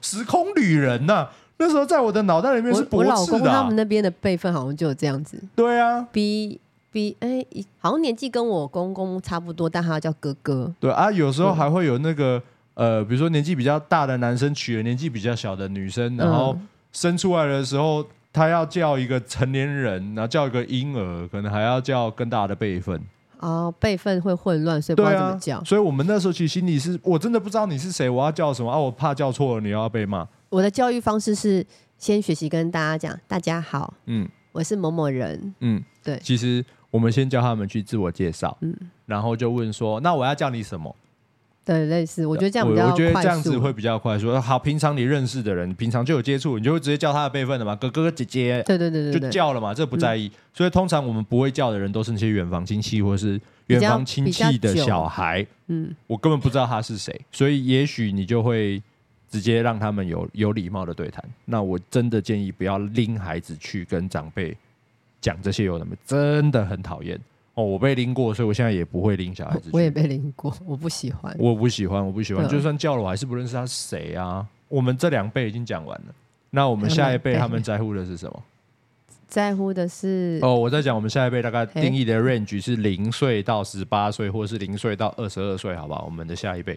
Speaker 1: 時空旅人吶、啊。那時候在我的腦袋裡面是不、啊，我老公他們那邊的
Speaker 2: 輩分好像就有這樣子，對啊，比。比哎、e. 好像年紀跟我公公差不多，但他要叫哥哥。
Speaker 1: 對啊，有時候還會有那個對呃，比如說年紀比較大的男生娶了年紀比較小的女生，然後生出來的時候，嗯、他要叫一個成年人，然後叫一個嬰兒，可能還要叫更大的輩分
Speaker 2: 哦，輩分會混亂，所以不知道怎麼叫、啊。
Speaker 1: 所以我們那時候其實心裡是我真的不知道你是誰，我要叫什麼啊？我怕叫錯了，你要被罵。
Speaker 2: 我的教育方式是先學習跟大家講大家好，嗯，我是某某人，
Speaker 1: 嗯，對，其實。我們先叫他們去自我介紹，嗯，然後就問說：“那我要叫你什麼？”
Speaker 2: 對，類似，我覺得這樣比較快，我覺得這樣子會
Speaker 1: 比較快。說好，平常你認識的人，平常就有接觸，你就會直接叫他的輩分的嘛，哥哥、哥、姐姐，對對對就叫了嘛，這不在意。嗯，所以通常我們不會叫的人，都是那些遠房親戚或是遠房親戚的小孩，比較比較嗯，我根本不知道他是誰，所以也許你就會直接讓他們有有禮貌的對談。那我真的建議不要拎孩子去跟長輩。講這些有什麼？真的很討厭哦！我被拎過，所以我現在也不會拎小孩子我。我
Speaker 2: 也被拎過，我不喜歡。我不喜
Speaker 1: 歡，我不喜歡。呵就算叫了，我還是不認識他是誰啊！呵我們這兩輩已經講完了，那我們下一輩他們在乎的是什麼？
Speaker 2: 在乎的是哦，
Speaker 1: 我在講我們下一輩大概定義的 range 嘿是零歲到十八歲，或是零歲到二十二歲，好不好？我們的下一輩，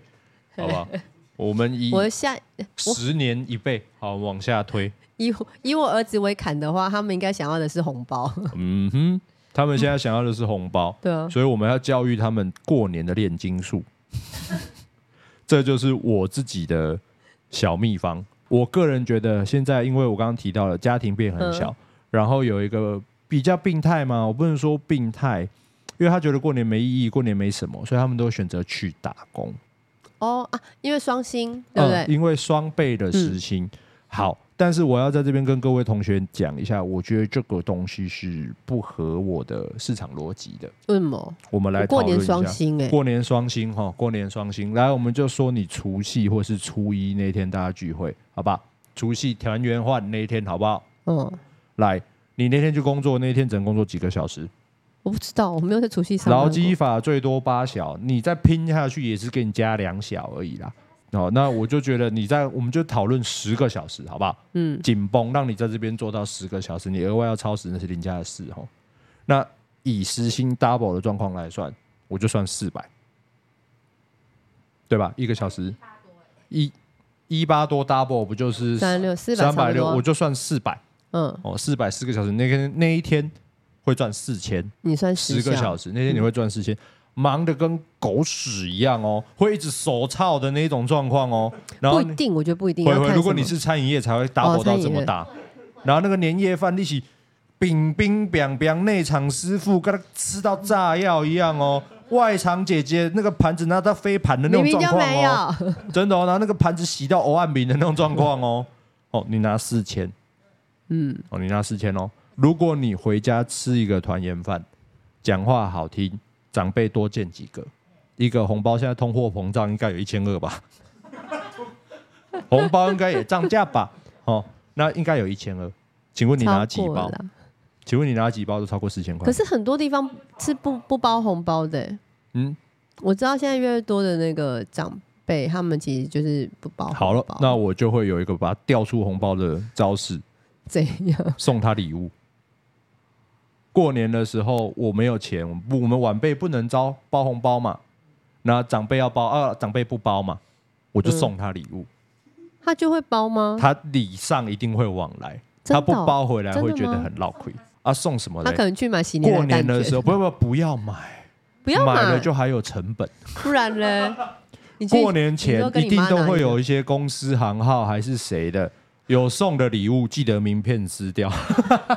Speaker 1: 好不好？嘿 我們以我下十年一倍，好往下推。
Speaker 2: 以以我兒子為砍的話，他們應該想要的是紅包。
Speaker 1: 嗯哼，他們現在想要的是紅包。嗯、對啊，所以我們要教育他們過年的煉金術。 這就是我自己的小秘方。我個人覺得，現在因為我剛剛提到了家庭變很小，嗯、然後有一個比較病態嘛，我不能說病態，因為他覺得過年沒意義，過年沒什麼，所以他們都選擇去打工。
Speaker 2: 哦啊，因為雙薪，對不對？嗯、因
Speaker 1: 為雙倍的時薪。嗯、好，但是我要在這邊跟各位同學講一下，我覺得這個東西是不合我的市場邏輯的。為什麼？我們來討論一下過年雙薪、欸過年雙薪哦？過年雙薪哈，過年雙薪。來，我們就說你除夕或是初一那一天大家聚會，好吧？除夕團圓飯那一天，好不好？嗯。來，你那天去工作，那天只能工作幾個小時？
Speaker 2: 我不知道，我沒有在除夕上班。勞基
Speaker 1: 法最多八小，你再拼下去也是給你加兩小而已啦。哦，那我就覺得你在，我們就討論十個小時，好不好？嗯，緊繃，讓你在這邊做到十個小時，你額外要超時那是另加的事齁。那以時薪 double 的狀況來算，我就算四百，對吧？一個小時一一八多，多 double 不就是三百六，啊？三百六我就算四百。嗯，哦，四百四個小時，那個那一天。會賺四千，你算十個小時那天你會賺四千，嗯、忙得跟狗屎一樣哦，會一直手操的那種狀況哦。然後不一定，我覺得不一定。回回如果你是餐飲業才會大火到這麼大，哦、然後那個年夜飯一起餅餅餅餅，內場師傅跟他吃到炸藥一樣哦，外場姐姐那個盤子拿到飛盤的那種狀況哦，明明真的哦，拿那個盤子洗到藕萬餅的那種狀況哦，對哦，你拿四千，嗯，哦，你拿四千哦。如果你回家吃一個團圓飯，講話好聽，長輩多見幾個，一個紅包現在通貨膨脹應該有一千二吧， 紅包應該也漲價吧？ 哦，那應該有一千二，請問你拿幾包？請問你拿幾包都超過四千塊？可是
Speaker 2: 很多地方是不不包紅包的欸。嗯，我知道現在越來越多的那個長輩，他們其實就是不
Speaker 1: 包紅包。好了，那我就會有一個把他調出紅包的招式，怎樣送他禮物？過年的時候我沒有錢，我們晚輩不能招包紅包嘛，那長輩要包啊，長輩不包嘛，我就送他禮物、嗯，
Speaker 2: 他就會包嗎？他
Speaker 1: 禮尚一定會往來，哦、他不包回來會覺得很落虧啊，送什麼？他可能去買新年，過年的時候，麼不不不要買，不要買，買了就還有成本，
Speaker 2: 不然呢？ 去過年前一,一定都會有一
Speaker 1: 些公司行號還是誰的。有送的禮物，記得名片撕掉，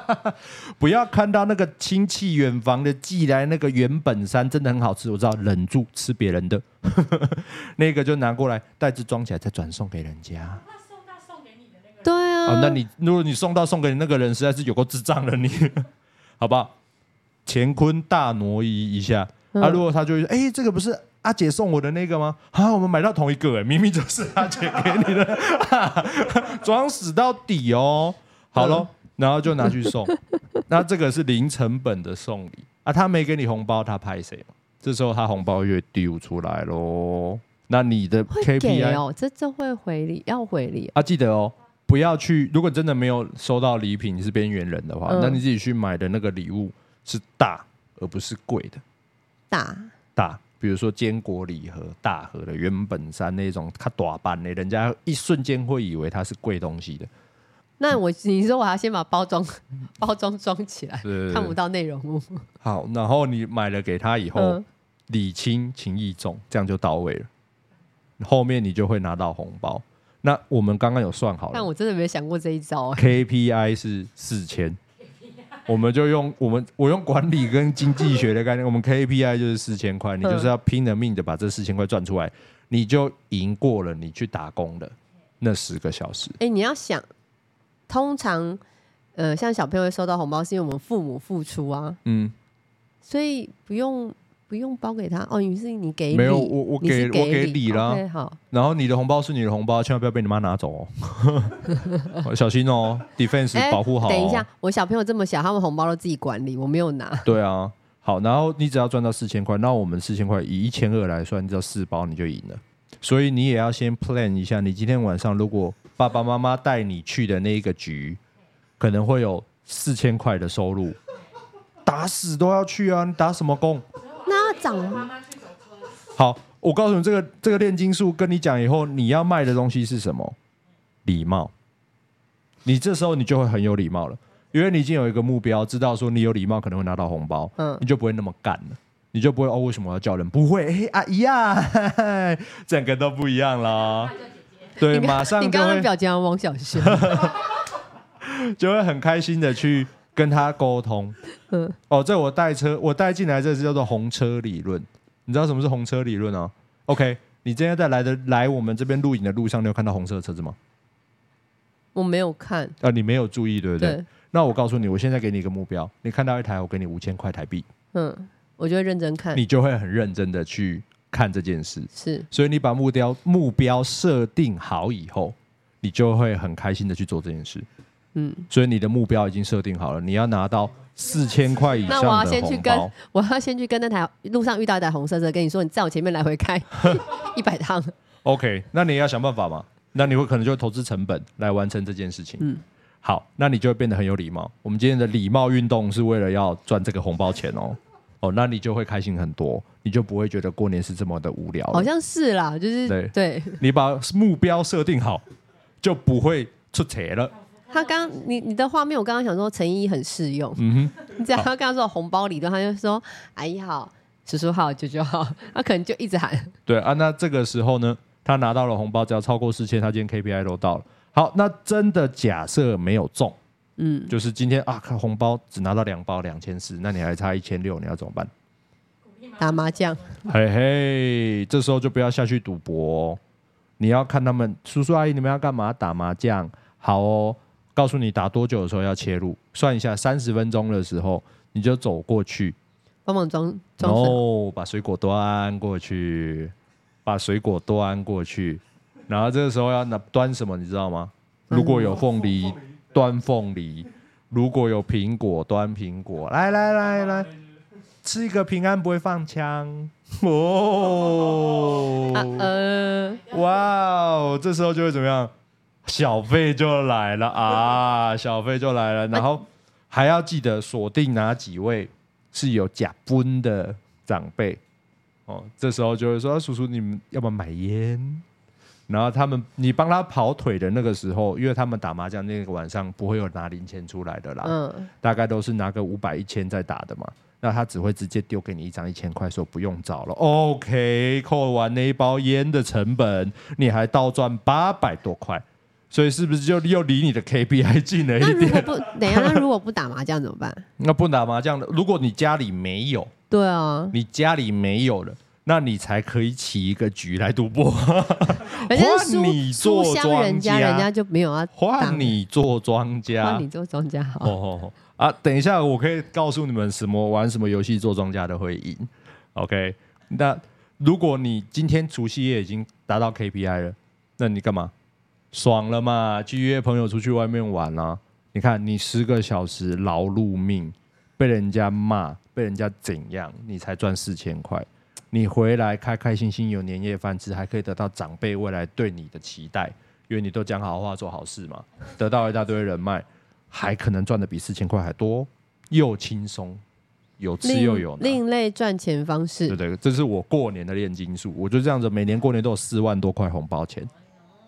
Speaker 1: 不要看到那個親戚遠房的寄來那個元本山，真的很好吃，我知道，忍住吃別人的 那個就拿過來，袋子裝起來再轉送給人家。那送到送給你的那個，對啊，哦、那你如果你送到送給你那個人，實在是有夠智障的。你 好不好？乾坤大挪移一下、嗯、啊，如果他就說哎、欸，這個不是。阿姐送我的那個嗎？啊，我們買到同一個哎，明明就是阿姐給你的，裝、啊、死到底哦、喔。好嘍，然後就拿去送。 那這個是零成本的送禮啊，他沒給你紅包，他歹勢嘛？這時候他紅包就丟出來嘍。那你的 KPI 哦，
Speaker 2: 這就會回禮，要回禮、哦、
Speaker 1: 啊。記得哦，不要去。如果真的沒有收到禮品，你是邊緣人的話，嗯、那你自己去買的那個禮物是大而不是貴的，大大。大比如說堅果禮盒大盒的原本山那種，他短版的，人家一瞬間會以為它是貴東西的。
Speaker 2: 那我你說我要先把包裝包裝裝起來，
Speaker 1: 對對對，看不到
Speaker 2: 內容物。
Speaker 1: 好，然後你買了給他以後，禮輕、嗯、情意重，這樣就到位了。後面你就會拿到紅包。那我們剛剛有算好了，
Speaker 2: 但我真的沒想過這一招、欸。
Speaker 1: KPI 是四千。我們就用我們我用管理跟經濟學的概念，我們 KPI 就是四千塊，你就是要拼了命的把這四千塊賺出來，你就贏過了你去打工的那十個小時。
Speaker 2: 哎、欸，你要想，通常呃像小朋友會收到紅包是因為我們父母付出啊，嗯，所以不用。不用包給他哦，於是你給你沒有我我給,你給你我給李了，Okay,
Speaker 1: 好，然後你的紅包是你的紅包，千萬不要被你媽拿走哦， 小心哦，defense 保護好哦，欸，等一下，
Speaker 2: 我小朋友這麼小，他們紅包都自己管理，我沒有拿。
Speaker 1: 對啊，好，然後你只要賺到四千塊，那我們四千塊以一千二來算，你只要四包你就贏了，所以你也要先 plan 一下，你今天晚上如果爸爸媽媽帶你去的那一個局，可能會有四千塊的收入， 打死都要去啊！你打什麼工？
Speaker 2: 去
Speaker 1: 走，啊、好，我告訴你，這個，這個這個煉金術，跟你講以後，你要賣的東西是什麼？禮貌。你這時候你就會很有禮貌了，因為你已經有一個目標，知道說你有禮貌可能會拿到紅包，嗯，你就不會那麼幹了，你就不會哦，為什麼要叫人？不會，哎、啊、呀，整個都不一樣了，哦。啊、姐姐對，跟馬上。你剛剛表
Speaker 2: 表情王小帥。
Speaker 1: 就會很開心的去。跟他溝通，嗯，哦，這我帶車，我帶進來這是叫做紅車理論，你知道什麼是紅車理論哦、啊？OK，你今天在來的來我們這邊錄影的路上，你有看到紅色的車子嗎？
Speaker 2: 我沒有看，
Speaker 1: 呃、啊，你沒有注意，對不對？對，那我告訴你，我現在給你一個目標，你看到一台，我給你五千塊台幣。嗯，
Speaker 2: 我就會認真看，你
Speaker 1: 就會很認真的去看這件事，是，所以你把目標目標設定好以後，你就會很開心的去做這件事。嗯，所以你的目標已經設定好了，你要拿到四千塊以上的紅包。那我要先去跟
Speaker 2: 我要先去跟那台路上遇到一台紅色車跟你說，你在我前面來回開一百 趟。
Speaker 1: OK，那你要想辦法嘛？那你會可能就投資成本來完成這件事情。嗯，好，那你就會變得很有禮貌。我們今天的禮貌運動是為了要賺這個紅包錢哦。哦，那你就會開心很多，你就不會覺得過年是這麼的無聊。好像是
Speaker 2: 啦，就是對對，對
Speaker 1: 你把目標設定好，就不會出錯了。
Speaker 2: 他剛，你你的畫面，我剛剛想說陳依依很適用。
Speaker 1: 你知道他剛
Speaker 2: 剛說、啊、紅包禮的，他就說阿姨好，叔叔好，舅舅好，他可能就一直喊。
Speaker 1: 對啊，那這個時候呢，他拿到了紅包，只要超過四千，他今天 KPI 都到了。好，那真的假設沒有中，嗯，就是今天啊，紅包只拿到兩包兩千四，那你還差一千六，你要怎麼辦？
Speaker 2: 打麻將。嘿
Speaker 1: 嘿，這時候就不要下去賭博、哦，你要看他們叔叔阿姨，你們要幹嘛？打麻將好哦。告訴你打多久的時候要切入，算一下三十分鐘的時候你就走過去，
Speaker 2: 幫忙裝，然後、
Speaker 1: oh, 把水果端過去，把水果端過去，然後這個時候要拿端什麼你知道嗎？嗯、如果有鳳梨端鳳梨，如果有蘋果端蘋果，來來來來，來來來 吃一個平安不會放槍哦，哇、oh、哦， 啊呃、wow, 這時候就會怎麼樣？小費就來了啊！小費就來了，然後還要記得鎖定哪幾位是有假分的長輩哦。這時候就會說：“啊、叔叔，你們要不要買菸？”然後他們你幫他跑腿的那個時候，因為他們打麻將那個晚上不會有拿零錢出來的啦，嗯，大概都是拿個五百、一千在打的嘛。那他只會直接丟給你一張一千塊，說不用找了。OK，扣完那一包菸的成本，你還倒賺八百多塊。所以是不是就又離你的 KPI 近了一點？那如果
Speaker 2: 不，等一下，那如果不打麻將怎麼辦？
Speaker 1: 那不打麻將的，如果你家裡沒有，
Speaker 2: 對啊，
Speaker 1: 你家裡沒有了，那你才可以起一個局來賭博。哈，換你做莊家，人家人家
Speaker 2: 就沒有啊，換你
Speaker 1: 做莊家，換你
Speaker 2: 做莊家。
Speaker 1: 哦哦哦啊！等一下，我可以告訴你們什麼玩什麼遊戲做莊家的會贏。OK，那如果你今天除夕夜已經達到 KPI 了，那你幹嘛？爽了嘛？去約朋友出去外面玩啦，啊、你看，你十個小時勞碌命，被人家罵，被人家怎樣，你才賺四千塊。你回來開開心心有年夜飯吃，還可以得到長輩未來對你的期待，因為你都講好話做好事嘛，得到一大堆人脈，還可能賺的比四千塊還多，哦，又輕鬆，有吃又有另，
Speaker 2: 另類賺錢方式。對，對
Speaker 1: 對，這是我過年的煉金術，我就這樣子，每年過年都有四萬多塊紅包錢。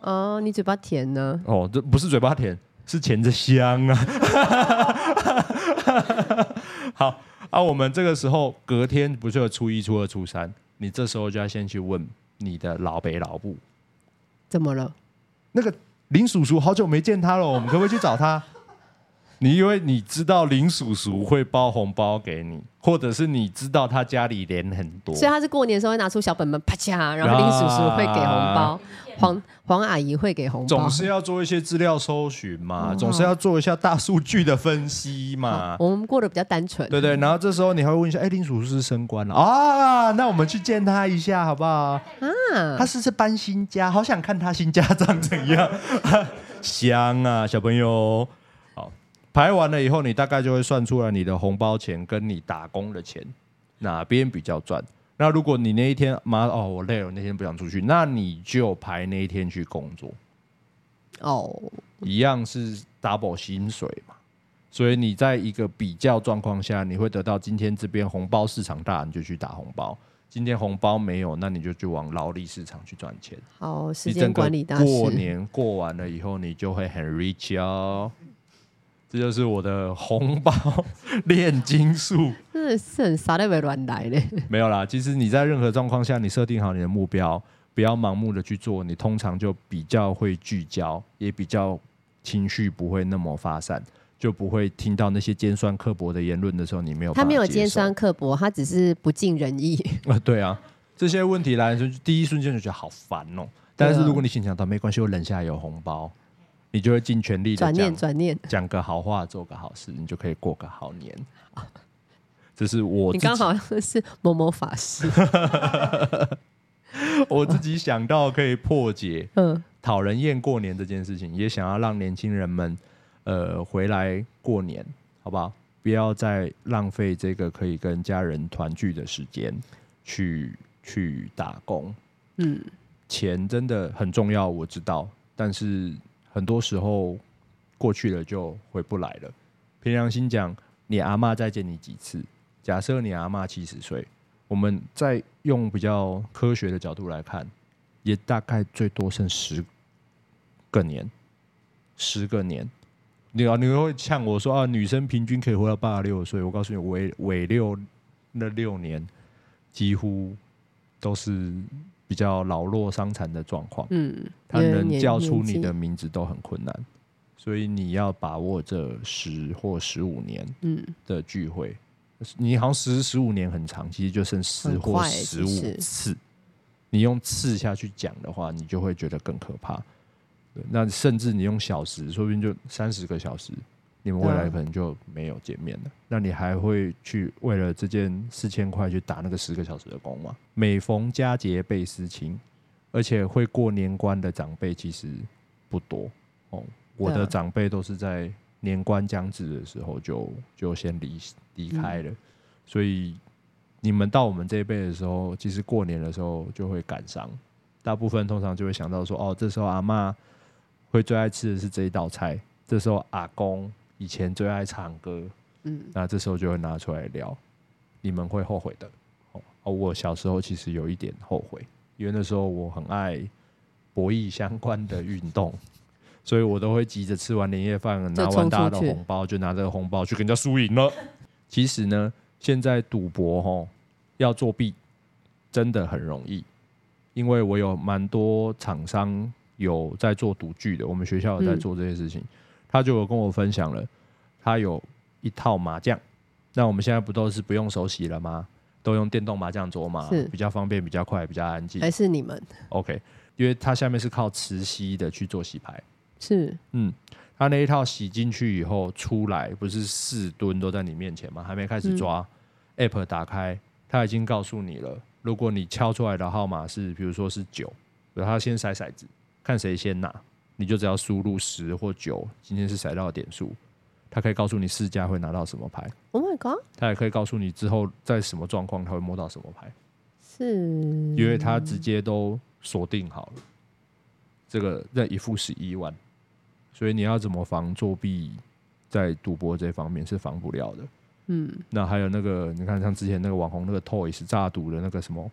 Speaker 2: 哦，你嘴巴甜呢？哦，
Speaker 1: 這不是嘴巴甜，是錢的香啊！ 好啊，我們這個時候隔天不就有初一、初二、初三？你這時候就要先去問你的老北老部。怎麼了？那個林叔叔好久沒見他了，我們可不可以去找他.？ 你因為你知道林叔叔會包紅包給你，或者是你知道他家裡錢很多，所以
Speaker 2: 他是過年的時候會拿出小本本啪嚓，然後林叔叔會給紅包，啊、黃黃阿姨會給紅包，總是
Speaker 1: 要做一些資料搜尋嘛，哦、總是要做一下大數據的分析嘛。我們過得比較單純，對對。然後這時候你還會問一下，哎，林叔叔是升官了啊？啊，那我們去見他一下好不好？啊，他是不是搬新家，好想看他新家長怎樣， 香啊，小朋友。排完了以後，你大概就會算出來你的紅包錢跟你打工的錢哪邊比較賺。那如果你那一天媽哦，我累了，那天不想出去，那你就排那一天去工作。哦，一樣是 double 薪水嘛。所以你在一個比較狀況下，你會得到今天這邊紅包市場大，你就去打紅包；今天紅包沒有，那你就往勞力市場去賺錢。好，時間管理大師，過年過完了以後，你就會很 rich 哦。這就是我的紅包煉金術，
Speaker 2: 是很傻的，別亂來，
Speaker 1: 沒有啦，其實你在任何狀況下，你設定好你的目標，不要盲目的去做，你通常就比較會聚焦，也比較情緒不會那麼發散，就不會聽到那些尖酸刻薄的言論的時候，你沒有，他沒有尖酸
Speaker 2: 刻薄，他只是不盡人意啊、
Speaker 1: 呃。對啊，這些問題來就第一瞬間就覺得好煩哦。但是如果你心想到，他沒關係，我冷下有紅包。你就會盡全力轉念轉念，講個好話，做個好事，你就可以過個好年。啊、這是我你剛好
Speaker 2: 是某某法師，
Speaker 1: 我自己想到可以破解，嗯哇，討人厭過年這件事情，嗯、也想要讓年輕人們，呃，回來過年，好不好？不要再浪費這個可以跟家人團聚的時間，去去打工。嗯，錢真的很重要，我知道，但是。很多時候過去了就回不來了。憑良心講，你阿嬤再見你幾次？假設你阿嬤七十歲，我們再用比較科學的角度來看，也大概最多剩十個年，十個年。你啊，你會嗆我說啊，女生平均可以活到八十六歲？我告訴你，尾尾六那六年幾乎都是。比較老弱傷殘的狀況，嗯，他能叫出你的名字都很困難，所以你要把握這十或十五年，嗯的聚會，嗯、你好像十十五年很長，其實就剩十或十五次，欸就是、你用次下去講的話，你就會覺得更可怕，那甚至你用小時，說不定就三十個小時。你們未來可能就沒有見面了，嗯、那你還會去為了這件四千塊去打那個十個小時的工嗎？每逢佳節倍思親，而且會過年關的長輩其實不多哦。我的長輩都是在年關將至的時候就就先離離開了，嗯、所以你們到我們這一輩的時候，其實過年的時候就會感傷。大部分通常就會想到說，哦，這時候阿嬤會最愛吃的是這一道菜，這時候阿公，以前最愛唱歌，嗯，那這時候就會拿出來聊，你們會後悔的。哦，我小時候其實有一點後悔，因為那時候我很愛博弈相關的運動， 所以我都會急着吃完年夜飯，拿完大的紅包就拿這個紅包去跟人家輸贏了。 其實呢，現在賭博哦，要作弊真的很容易，因為我有蠻多廠商有在做賭具的，我們學校有在做這些事情。嗯他就有跟我分享了，他有一套麻將。那我們現在不都是不用手洗了嗎？都用電動麻將桌嘛，是比較方便，比較快，比較安靜。還是你們？OK，因為它下面是靠磁吸的去做洗牌。是，嗯，他那一套洗進去以後，出來不是四墩都在你面前嗎？還沒開始抓，嗯、，App 打開，他已經告訴你了。如果你敲出來的號碼是，比如說是九，他先甩骰子，看誰先拿。你就只要輸入十或九，今天是骰到的點數，他可以告訴你四家會拿到什麼牌。Oh my God！他也可以告訴你之後在什麼狀況他會摸到什麼牌。
Speaker 2: 是，
Speaker 1: 因為他直接都鎖定好了，這個任一副十一萬，所以你要怎麼防作弊，在賭博這方面是防不了的。嗯，那還有那個，你看像之前那個網紅那個 Toys 詐賭的那個什麼？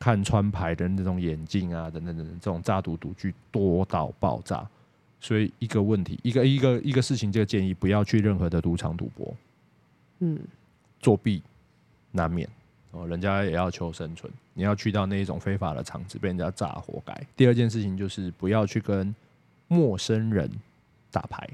Speaker 1: 看穿牌的那種眼鏡啊，等等等等，這種詐賭賭具多到爆炸，所以一個問題，一個一個一個事情，這個建議不要去任何的賭場賭博，嗯，作弊難免哦，人家也要求生存，你要去到那一種非法的場子被人家詐，活該。第二件事情就是不要去跟陌生人打牌，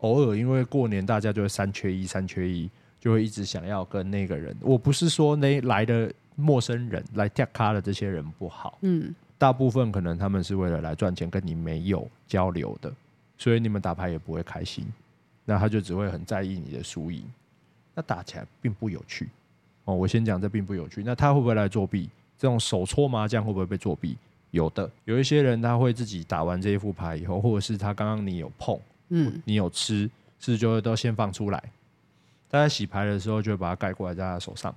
Speaker 1: 偶爾因為過年大家就會三缺一，三缺一就會一直想要跟那個人，我不是說那來的。陌生人來跳咖的這些人不好，嗯，大部分可能他們是為了來賺錢，跟你沒有交流的，所以你們打牌也不會開心。那他就只會很在意你的輸贏，那打起來並不有趣。哦，我先講這並不有趣。那他會不會來作弊？這種手搓麻將會不會被作弊？有的，有一些人他會自己打完這一副牌以後，或者是他剛剛你有碰，嗯，你有吃，是就會都先放出來。大家洗牌的時候就會把它蓋過來在他手上。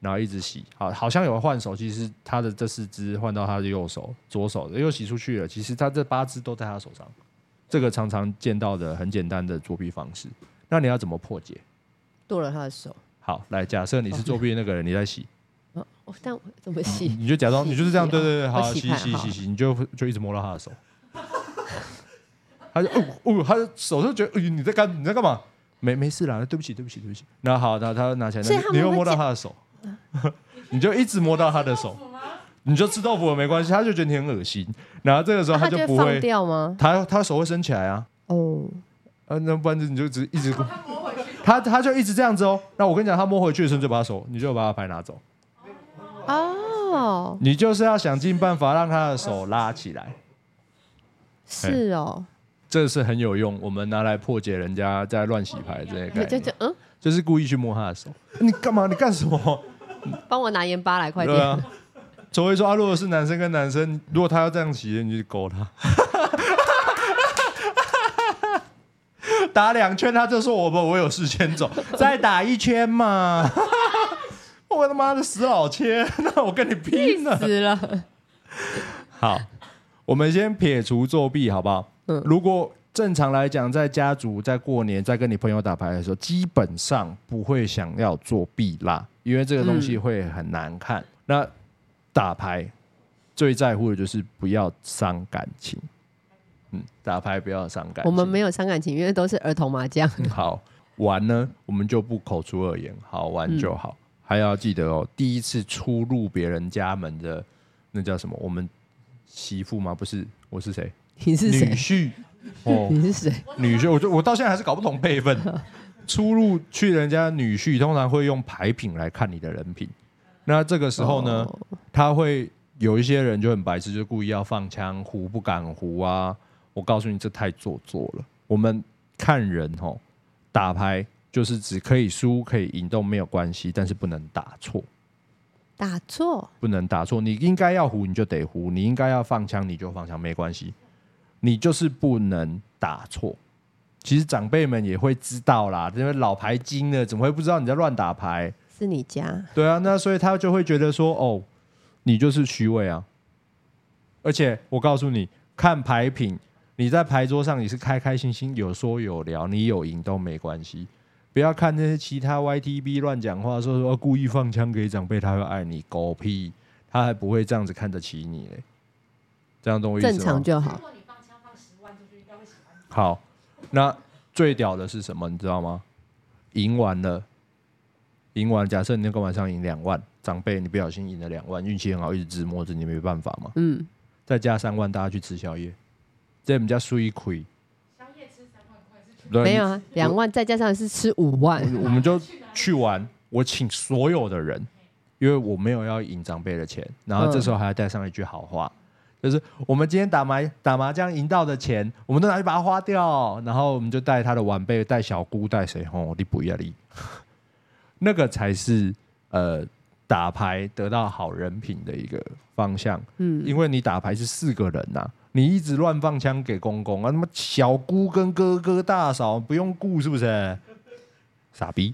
Speaker 1: 然後一直洗，好，好像有換手，其實他的這四隻換到他的右手、左手的又洗出去了。其實他這八隻都在他手上，這個常常見到的很簡單的作弊方式。那你要怎麼破解？
Speaker 2: 剁了他的手。
Speaker 1: 好，來，假設你是作弊的那個人，你在洗。
Speaker 2: 哦，但我怎麼洗？你，你就假裝你就是這樣，洗對對對，好，洗洗洗洗，洗，
Speaker 1: 洗，洗，你就就一直摸到他的手。 他哦哦、呃呃，他的手都覺得，哎、呃，你在幹你在幹嘛？沒沒事啦，對不起對不起對不起。不起”那好，他他拿起來、那個，你又摸到他的手。 你就一直摸到他的手，你，你就吃豆腐也沒關係，他就覺得你很噁心。然後這個時候他就不會，啊、他會掉嗎？他，他手會伸起來啊。哦啊，那不然就你就只一直，啊、他摸回去他，他就一直這樣子哦。那我跟你講，他摸回去的時候就把他手，你就把他牌拿走。
Speaker 2: 哦，
Speaker 1: 你就是要想盡辦法讓他的手拉起來。是哦，Hey, 這是很有用，我們拿來破解人家在亂洗牌的這些.就是故意去摸他的手，欸、你幹嘛？你幹什麼？
Speaker 2: 幫我拿鹽巴來，快點。對啊，
Speaker 1: 周維說、啊：“如果是男生跟男生，如果他要這樣騎，你就勾他， 打兩圈，他就說我們我有事先走，再打一圈嘛。 我的媽的死老千、啊，那我跟你拼了！”死了。好，我們先撇除作弊，好不好？嗯，如果。正常來講，在家族、在過年、在跟你朋友打牌的時候，基本上不會想要作弊啦，因為這個東西會很難看。嗯、那打牌最在乎的就是不要傷感情，嗯，打牌不要傷感情。我們
Speaker 2: 沒有傷感情，因為都是兒童麻將、嗯，
Speaker 1: 好玩呢。我們就不口出惡言，好玩就好。嗯、還要記得哦，第一次出入別人家門的那叫什麼？我們媳婦嗎？不是，我是誰？你是誰？女婿。哦，你是誰？女婿，我就我到現在還是搞不懂輩分。 出入去人家女婿，通常會用牌品來看你的人品。那這個時候呢，他、哦、會有一些人就很白痴，就故意要放槍胡不敢胡啊。我告訴你，這太做作了。我們看人吼、哦，打牌就是只可以輸可以贏，都沒有關係，但是不能打錯。打錯？不能打錯。你應該要胡，你就得胡；你應該要放槍，你就放槍，沒關係。你就是不能打錯，其實長輩們也會知道啦，因為老牌精的怎麼會不知道你在亂打牌？是你家對啊，那所以他就會覺得說，哦，你就是虛偽啊。而且我告訴你，看牌品，你在牌桌上你是開開心心、有說有聊，你有贏都沒關係。不要看那些其他 YTB 亂講話說，說、哦、說故意放槍給長輩，他會愛你狗屁，他還不會這樣子看得起你嘞。這樣懂我意思嗎？正常就好。好，那最屌的是什麼？你知道嗎？贏完了，贏完了，假設你那個晚上贏兩萬，長輩你不小心贏了兩萬，運氣很好，一直直摸着，你沒辦法嘛。嗯，再加三萬，大家去吃宵夜，這我們叫輸一虧。宵夜吃三萬塊，對沒有啊，兩吃
Speaker 2: 萬再加上是吃五萬我，我們就
Speaker 1: 去玩，我請所有的人，因為我沒有要贏長輩的錢，然後這時候還要帶上一句好話。嗯就是我們今天打麻打麻將贏到的錢，我們都拿去把它花掉，然後我們就帶他的晚輩、帶小姑、帶誰吼，你不要力。那個才是呃打牌得到好人品的一個方向。嗯是，因為你打牌是四個人吶、啊，你一直亂放槍給公公啊，那麼小姑跟哥哥大嫂不用顧是不是？傻逼。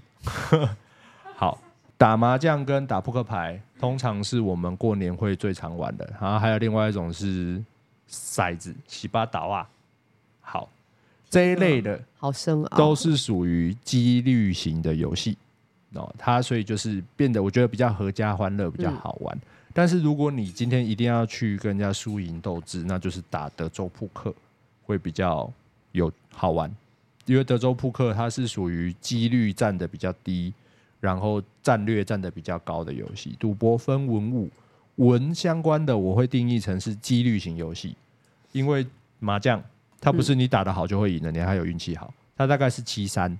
Speaker 1: 好，打麻將跟打撲克牌。通常是我們過年會最常玩的，然後還有另外一種是骰子、洗八打啊。好，這一類的好深都是屬於幾率型的遊戲，哦，它所以就是變得我覺得比較闔家歡樂比較好玩。嗯、但是如果你今天一定要去跟人家輸贏鬥智，那就是打德州撲克會比較有好玩，因為德州撲克它是屬於幾率占的比較低，然後戰略占得比較高的遊戲，賭博分文武、文相關的我會定義成是幾率型遊戲，因為麻將它不是你打得好就會贏的，嗯、你還有運氣好，它大概是七三，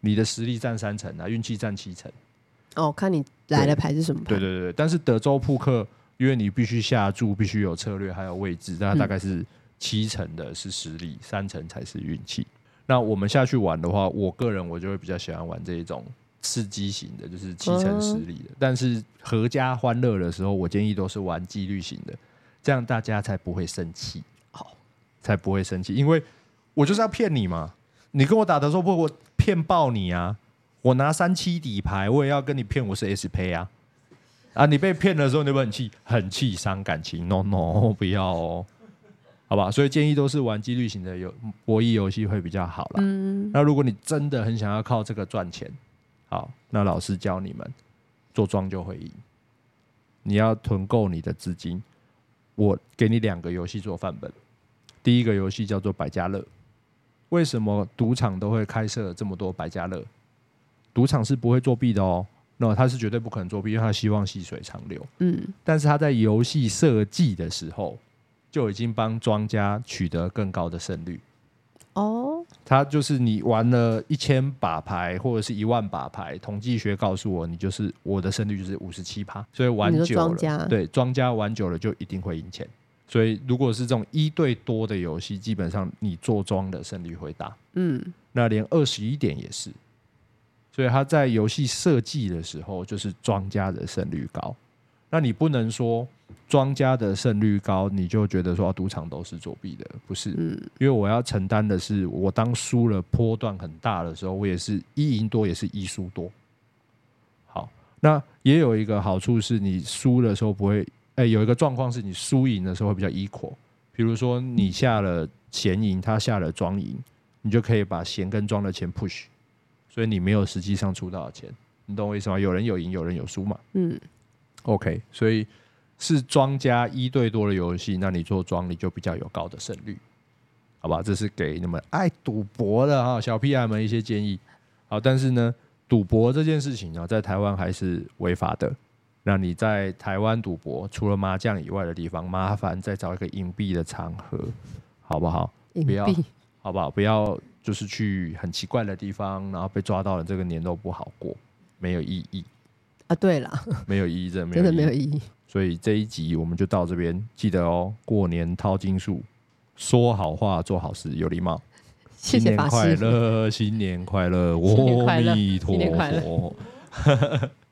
Speaker 1: 你的實力占三成啊，運氣占七成。哦，看你來的牌是什麼牌？對，對對對，但是德州撲克，因為你必須下注，必須有策略，還有位置，那大概是七成的是實力，嗯、三成才是運氣。那我們下去玩的話，我個人我就會比較喜歡玩這一種。刺激型的，就是七成實力的，oh. 但是合家歡樂的時候，我建議都是玩紀律型的，這樣大家才不會生氣，好，才不會生氣，因為我就是要騙你嘛，你跟我打的時候，不，我騙爆你啊，我拿三七底牌，我也要跟你騙我是 SP 啊，啊，你被騙的時候，你會很氣，很氣，傷感情，no no，不要哦，好吧，所以建議都是玩紀律型的遊，博弈遊戲會比較好啦。嗯，那如果你真的很想要靠這個賺錢。好，那老師教你們做莊就會贏。你要囤夠你的資金。我給你兩個遊戲做範本。第一個遊戲叫做百家樂。為什麼賭場都會開設這麼多百家樂？賭場是不會作弊的哦。那他是絕對不可能作弊，因為他希望細水長流。嗯。但是他在遊戲設計的時候，就已經幫莊家取得更高的勝率。哦，他、oh, 就是你玩了一千把牌或者是一萬把牌，統計學告訴我，你就是我的勝率就是五十七趴，所以玩久了，對，莊家玩久了就一定會贏錢。所以如果是這種一對多的遊戲，基本上你坐莊的勝率會大。嗯，那連二十一點也是，所以他在遊戲設計的時候就是莊家的勝率高。那你不能說莊家的勝率高，你就覺得說賭場都是作弊的，不是？嗯，因為我要承擔的是，我當輸了波段很大的時候，我也是一多，一贏多也是一輸多。好，那也有一個好處是，你輸的時候不會，哎、欸，有一個狀況是你輸贏的時候會比較 equal。比如說你下了閒贏，他下了莊贏，你就可以把閒跟莊的錢 push，所以你沒有實際上出多少錢，你懂我意思嗎？有人有贏，有人有輸嘛，嗯。OK，所以是莊家一對多的遊戲，那你做莊，你就比較有高的勝率，好吧？這是給你們愛賭博的哈小屁孩們一些建議。好，但是呢，賭博這件事情呢，在台灣還是違法的。那你在台灣賭博，除了麻將以外的地方，麻煩再找一個隱蔽的場合，好不好？隱蔽，好不好？不要就是去很奇怪的地方，然後被抓到了，這個年都不好過，沒有意義。
Speaker 2: 啊，對了，沒有意義，真的沒有意義。意
Speaker 1: 義，所以這一集我們就到這邊，記得哦，過年煉金術，說好話，做好事，有禮貌。謝謝法師，新年快樂，新年快樂，阿彌陀佛。